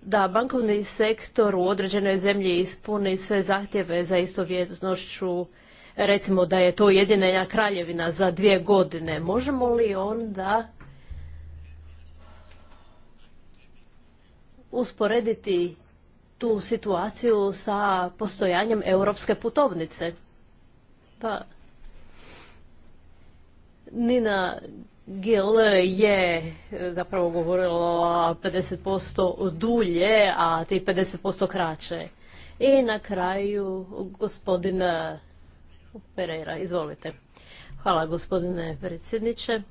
[SPEAKER 3] da bankovni sektor u određenoj zemlji ispuni sve zahtjeve za istovjetnošću recimo da je to jedina kraljevina za dvije godine, možemo li onda usporediti tu situaciju sa postojanjem europske putovnice? Pa, Nina Gil je e, zapravo govorila 50% dulje, a ti 50% kraće. I na kraju gospodina izvolite. Hvala gospodine predsjedniče.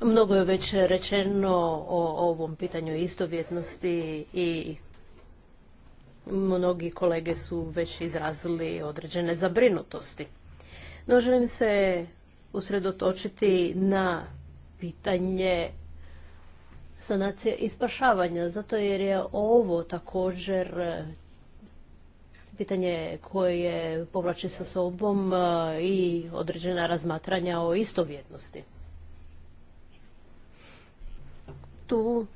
[SPEAKER 3] Mnogo je već rečeno o ovom pitanju istovjetnosti i mnogi kolege su već izrazili određene zabrinutosti. No želim se usredotočiti na pitanje sanacija i spašavanja, zato jer je ovo također e, pitanje koje povlači sa sobom e, i određena razmatranja o istovjetnosti. Tu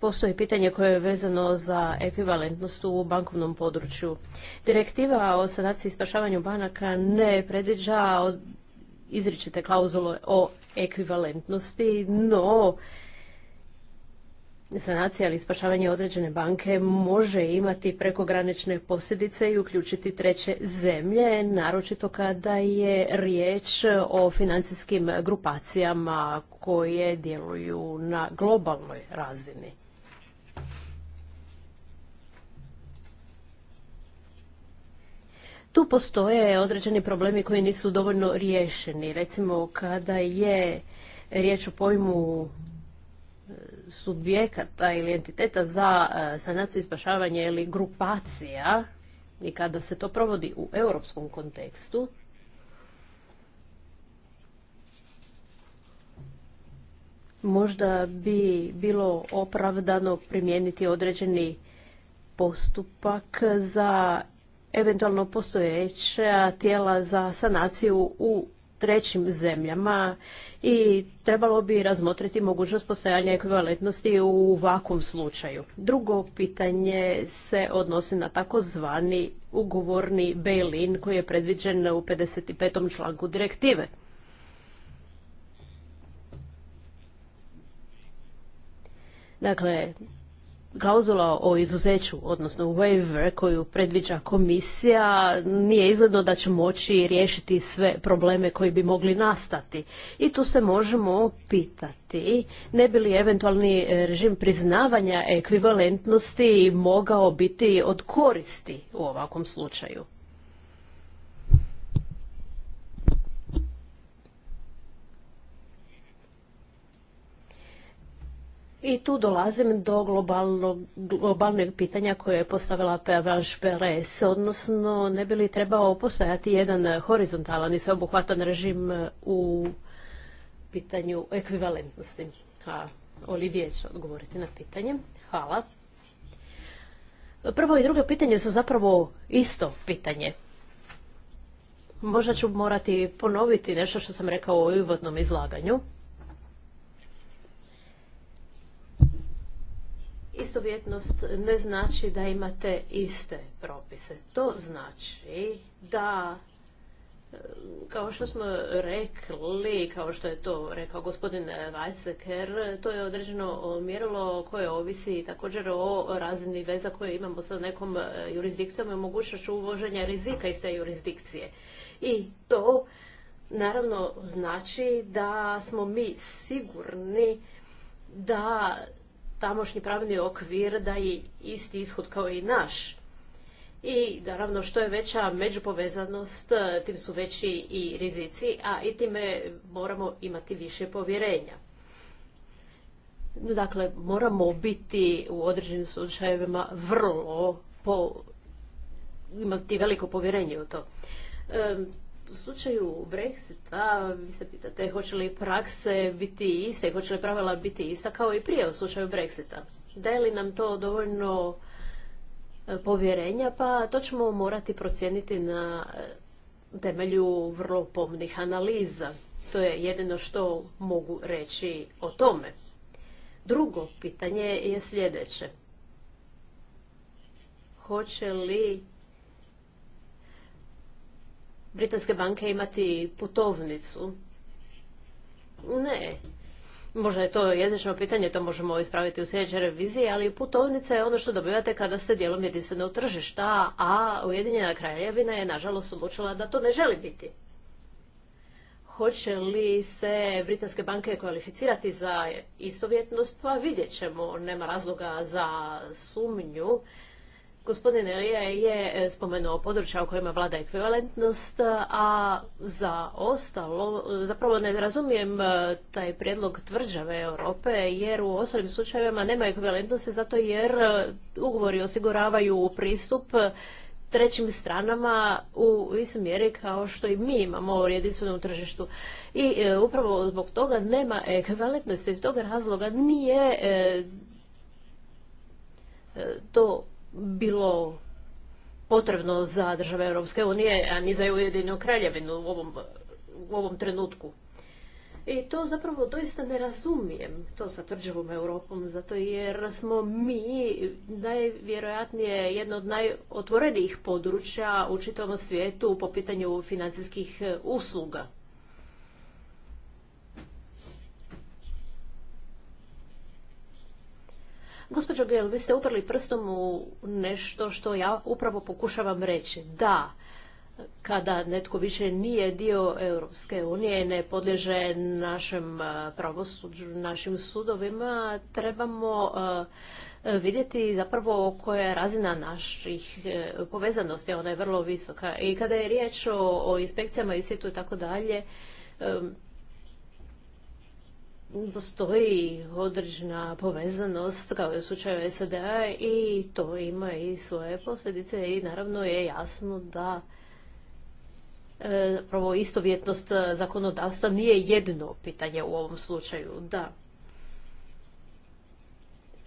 [SPEAKER 3] postoji pitanje koje je vezano za ekvivalentnost u bankovnom području. Direktiva o sanaciji i spašavanju banaka ne predviđa izričite klauzule o ekvivalentnosti, no sanacija ili spašavanje određene banke može imati prekogranične posljedice i uključiti treće zemlje, naročito kada je riječ o financijskim grupacijama koje djeluju na globalnoj razini. Tu postoje određeni problemi koji nisu dovoljno riješeni. Recimo kada je riječ o pojmu e, subjekata ili entiteta za e, sanaciju i spašavanje ili grupacija i kada se to provodi u europskom kontekstu, možda bi bilo opravdano primijeniti određeni postupak za eventualno postojeća tijela za sanaciju u trećim zemljama i trebalo bi razmotriti mogućnost postojanja ekvivalentnosti u ovakvom slučaju. Drugo pitanje se odnosi na takozvani ugovorni bail-in koji je predviđen u 55. članku direktive. Dakle, klauzula o izuzeću, odnosno waiver koju predviđa komisija, nije izgledno da će moći riješiti sve probleme koji bi mogli nastati. I tu se možemo pitati ne bi li eventualni režim priznavanja ekvivalentnosti mogao biti od koristi u ovakvom slučaju. I tu dolazim do globalnog, pitanja koje je postavila Pavanš odnosno ne bi li trebao postojati jedan horizontalan i sveobuhvatan režim e, u pitanju ekvivalentnosti. A Olivije će odgovoriti na pitanje. Hvala. Prvo i drugo pitanje su zapravo isto pitanje. Možda ću morati ponoviti nešto što sam rekao u uvodnom izlaganju. istovjetnost ne znači da imate iste propise. To znači da e, kao što smo rekli, kao što je to rekao gospodin Weisseker, to je određeno mjerilo koje ovisi također o razini veza koje imamo sa nekom e, jurisdikcijom i mogućnošću uvoženja rizika iz te jurisdikcije. I to naravno znači da smo mi sigurni da tamošnji pravni okvir daje isti ishod kao i naš. I naravno što je veća međupovezanost, e, tim su veći i rizici, a i time moramo imati više povjerenja. Dakle, moramo biti u određenim slučajevima vrlo po, imati veliko povjerenje u to u slučaju Brexita vi se pitate hoće li prakse biti iste, hoće li pravila biti ista kao i prije u slučaju Brexita. je li nam to dovoljno e, povjerenja? Pa to ćemo morati procijeniti na e, temelju vrlo pomnih analiza. To je jedino što mogu reći o tome. Drugo pitanje je sljedeće. Hoće li britanske banke imati putovnicu? Ne. Možda je to jezično pitanje, to možemo ispraviti u sljedećoj reviziji, ali putovnica je ono što dobivate kada ste dijelom jedinstvenog tržišta, a Ujedinjena kraljevina je nažalost odlučila da to ne želi biti. Hoće li se britanske banke kvalificirati za istovjetnost? Pa vidjet ćemo, nema razloga za sumnju. Gospodin Elija je e, spomenuo područja u kojima vlada ekvivalentnost, a za ostalo, zapravo ne razumijem e, taj prijedlog tvrđave Europe, jer u ostalim slučajevima nema ekvivalentnosti zato jer e, ugovori osiguravaju pristup trećim stranama u istoj mjeri kao što i mi imamo u jedinstvenom tržištu. I upravo zbog toga nema ekvivalentnosti, iz toga razloga nije to bilo potrebno za države Europske unije, a ni za Ujedinu kraljevinu u ovom, u ovom trenutku. I to zapravo doista ne razumijem, to sa tvrđavom Europom, zato jer smo mi najvjerojatnije jedno od najotvorenijih područja u čitavom svijetu po pitanju financijskih usluga. Gospođo Gel, vi ste uprli prstom u nešto što ja upravo pokušavam reći. Da, kada netko više nije dio Europske unije, ne podliježe našem eh, pravosuđu, našim sudovima, trebamo eh, vidjeti zapravo koja je razina naših eh, povezanosti, ona je vrlo visoka. I kada je riječ o, inspekcijama i situ i tako dalje, postoji određena povezanost kao je u slučaju SAD-a i to ima i svoje posljedice i naravno je jasno da e, pravo istovjetnost zakonodavstva nije jedno pitanje u ovom slučaju, da.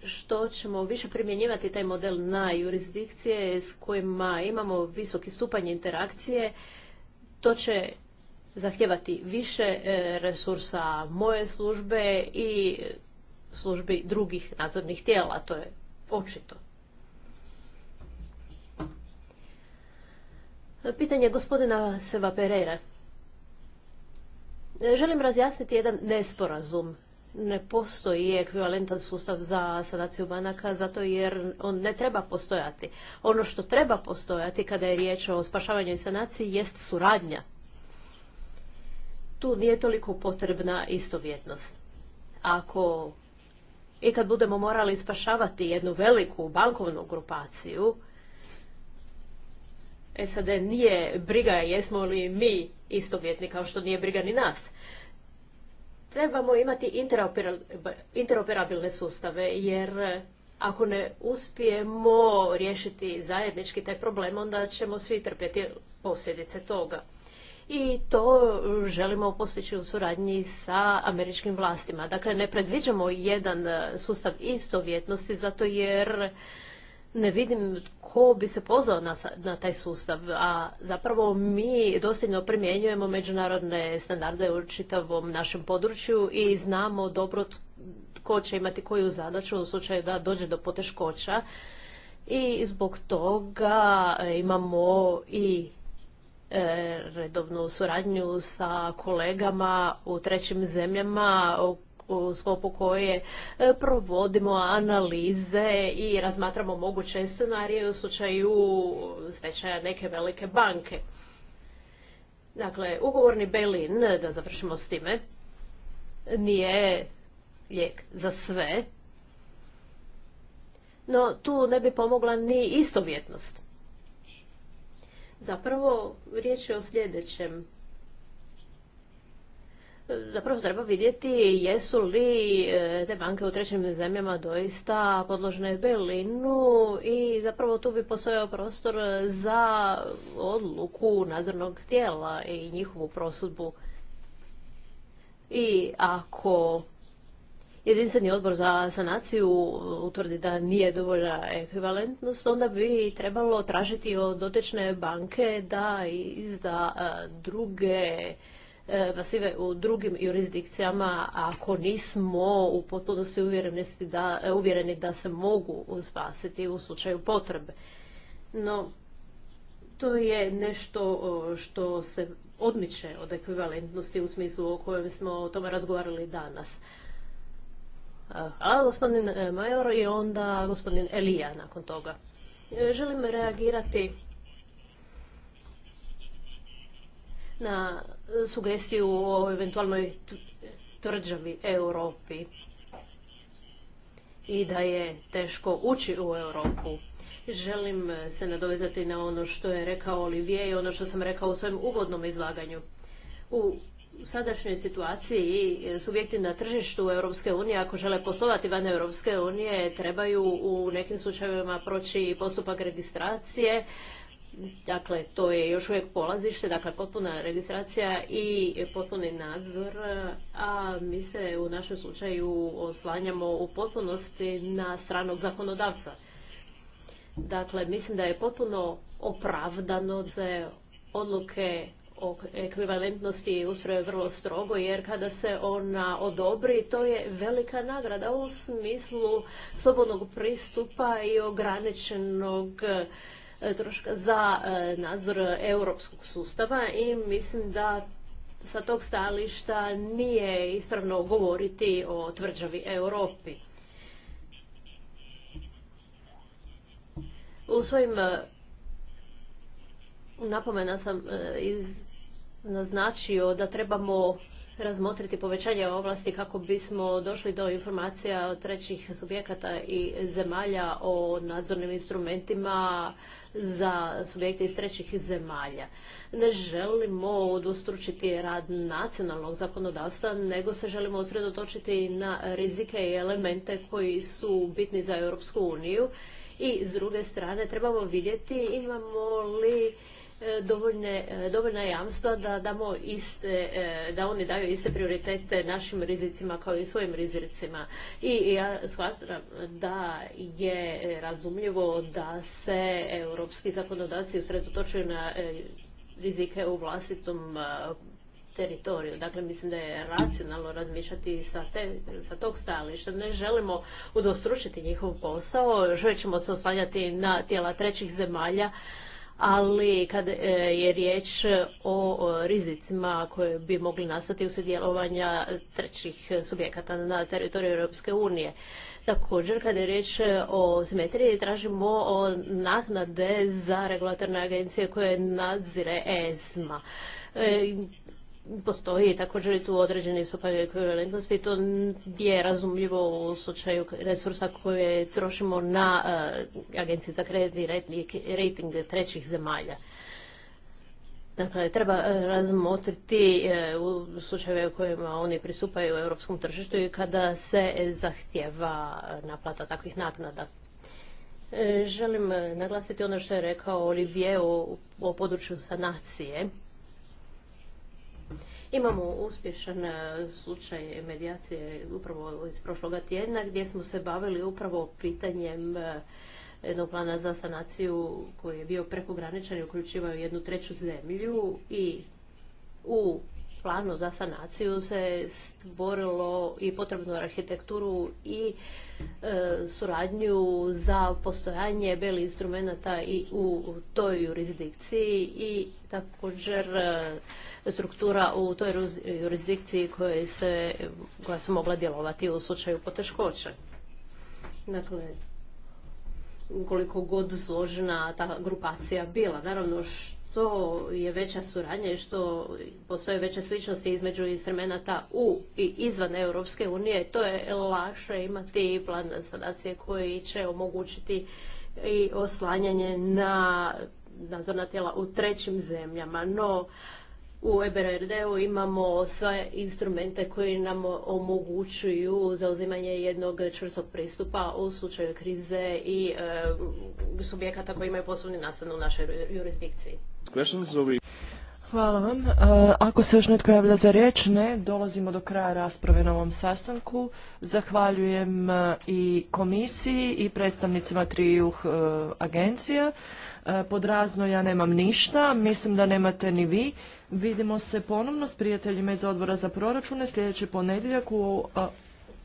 [SPEAKER 3] Što ćemo više primjenjivati taj model na jurisdikcije s kojima imamo visoki stupanj interakcije, to će zahtjevati više e, resursa moje službe i službi drugih nadzornih tijela, to je očito. Pitanje gospodina Seba Pereira. Želim razjasniti jedan nesporazum. Ne postoji ekvivalentan sustav za sanaciju banaka zato jer on ne treba postojati. Ono što treba postojati kada je riječ o spašavanju i sanaciji jest suradnja tu nije toliko potrebna istovjetnost. Ako i kad budemo morali spašavati jednu veliku bankovnu grupaciju, SAD nije briga jesmo li mi istovjetni kao što nije briga ni nas. Trebamo imati interoperabilne sustave jer ako ne uspijemo riješiti zajednički taj problem onda ćemo svi trpjeti posljedice toga i to želimo postići u suradnji sa američkim vlastima. Dakle, ne predviđamo jedan e, sustav istovjetnosti zato jer ne vidim tko bi se pozvao na, na taj sustav, a zapravo mi dosljedno primjenjujemo međunarodne standarde u čitavom našem području i znamo dobro tko će imati koju zadaću u slučaju da dođe do poteškoća i zbog toga e, imamo i redovnu suradnju sa kolegama u trećim zemljama u sklopu koje e, provodimo analize i razmatramo moguće scenarije u slučaju stečaja neke velike banke. Dakle, ugovorni Berlin, da završimo s time, nije lijek za sve, no tu ne bi pomogla ni istovjetnost. Zapravo, riječ je o sljedećem. Zapravo treba vidjeti jesu li e, te banke u trećim zemljama doista podložne Berlinu i zapravo tu bi postojao prostor za odluku nadzornog tijela i njihovu prosudbu. I ako jedinstveni odbor za sanaciju utvrdi da nije dovoljna ekvivalentnost, onda bi trebalo tražiti od dotične banke da izda e, druge pasive e, u drugim jurisdikcijama ako nismo u potpunosti uvjereni da, e, uvjereni da se mogu spasiti u slučaju potrebe. No, to je nešto što se odmiče od ekvivalentnosti u smislu o kojem smo o tome razgovarali danas. A gospodin e, Major i onda gospodin Elija nakon toga. E, želim reagirati na sugestiju o eventualnoj tvrđavi Europi i da je teško ući u Europu. Želim se nadovezati na ono što je rekao Olivier i ono što sam rekao u svojem uvodnom izlaganju. U u sadašnjoj situaciji e, subjekti na tržištu Europske unije, ako žele poslovati van Europske unije, trebaju u nekim slučajevima proći postupak registracije. Dakle, to je još uvijek polazište, dakle potpuna registracija i potpuni nadzor, a mi se u našem slučaju oslanjamo u potpunosti na stranog zakonodavca. Dakle, mislim da je potpuno opravdano za odluke ekvivalentnosti ustroje vrlo strogo jer kada se ona odobri to je velika nagrada u smislu slobodnog pristupa i ograničenog e, troška za e, nadzor europskog sustava i mislim da sa tog stališta nije ispravno govoriti o tvrđavi Europi. U svojim e, napomena sam iz naznačio da trebamo razmotriti povećanje ovlasti kako bismo došli do informacija od trećih subjekata i zemalja o nadzornim instrumentima za subjekte iz trećih zemalja. Ne želimo odustručiti rad nacionalnog zakonodavstva, nego se želimo osredotočiti na rizike i elemente koji su bitni za Europsku uniju. I s druge strane trebamo vidjeti imamo li E, dovoljne, e, dovoljna jamstva da damo iste, e, da oni daju iste prioritete našim rizicima kao i svojim rizicima. I ja smatram da je razumljivo da se europski zakonodavci usredotočuju na rizike u vlastitom teritoriju. Dakle, mislim da je racionalno razmišljati sa, tog stajališta. Ne želimo udostručiti njihov posao, Želimo se oslanjati na tijela trećih zemalja ali kad e, je riječ o rizicima koje bi mogli nastati uslijed djelovanja trećih subjekata na teritoriju Europske unije. Također, kad je riječ o simetriji, tražimo naknade za regulatorne agencije koje nadzire ESMA. E, postoji također i tu određeni stupanj ekvivalentnosti, to je razumljivo u slučaju resursa koje trošimo na eh, agencije za kreditni rating trećih zemalja. Dakle, treba eh, razmotriti eh, u slučajeve u kojima oni pristupaju u europskom tržištu i kada se zahtjeva naplata takvih naknada. Želim naglasiti ono što je rekao Olivier o području sanacije Imamo uspješan e, slučaj medijacije upravo iz prošloga tjedna gdje smo se bavili upravo pitanjem e, jednog plana za sanaciju koji je bio prekograničan i uključivao jednu treću zemlju i u planu za sanaciju se stvorilo i potrebnu arhitekturu i e, suradnju za postojanje beli instrumenta i u toj jurisdikciji i također e, struktura u toj jurisdikciji koje se, koja se mogla djelovati u slučaju poteškoća. Dakle, koliko god složena ta grupacija bila. Naravno, što je veća suradnja i što postoje veće sličnosti između instrumenta u i izvan Europske unije, to je lakše imati plan sanacije koji će omogućiti i oslanjanje na nadzorna tijela u trećim zemljama. No, u EBRD-u imamo sve instrumente koji nam omogućuju zauzimanje jednog čvrstog pristupa u slučaju krize i e, subjekata koji imaju poslovni nastan u našoj jurisdikciji.
[SPEAKER 4] Hvala vam. E, ako se još netko javlja za riječ, ne, dolazimo do kraja rasprave na ovom sastanku. Zahvaljujem e, i komisiji i predstavnicima trijuh agencija. Pod razno ja nemam ništa, mislim da nemate ni vi. Vidimo se ponovno s prijateljima iz odbora za proračune sljedeći ponedjeljak u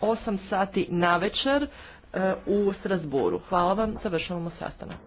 [SPEAKER 4] 8 sati na večer e, u Strasburu. Hvala vam, završavamo sastanak.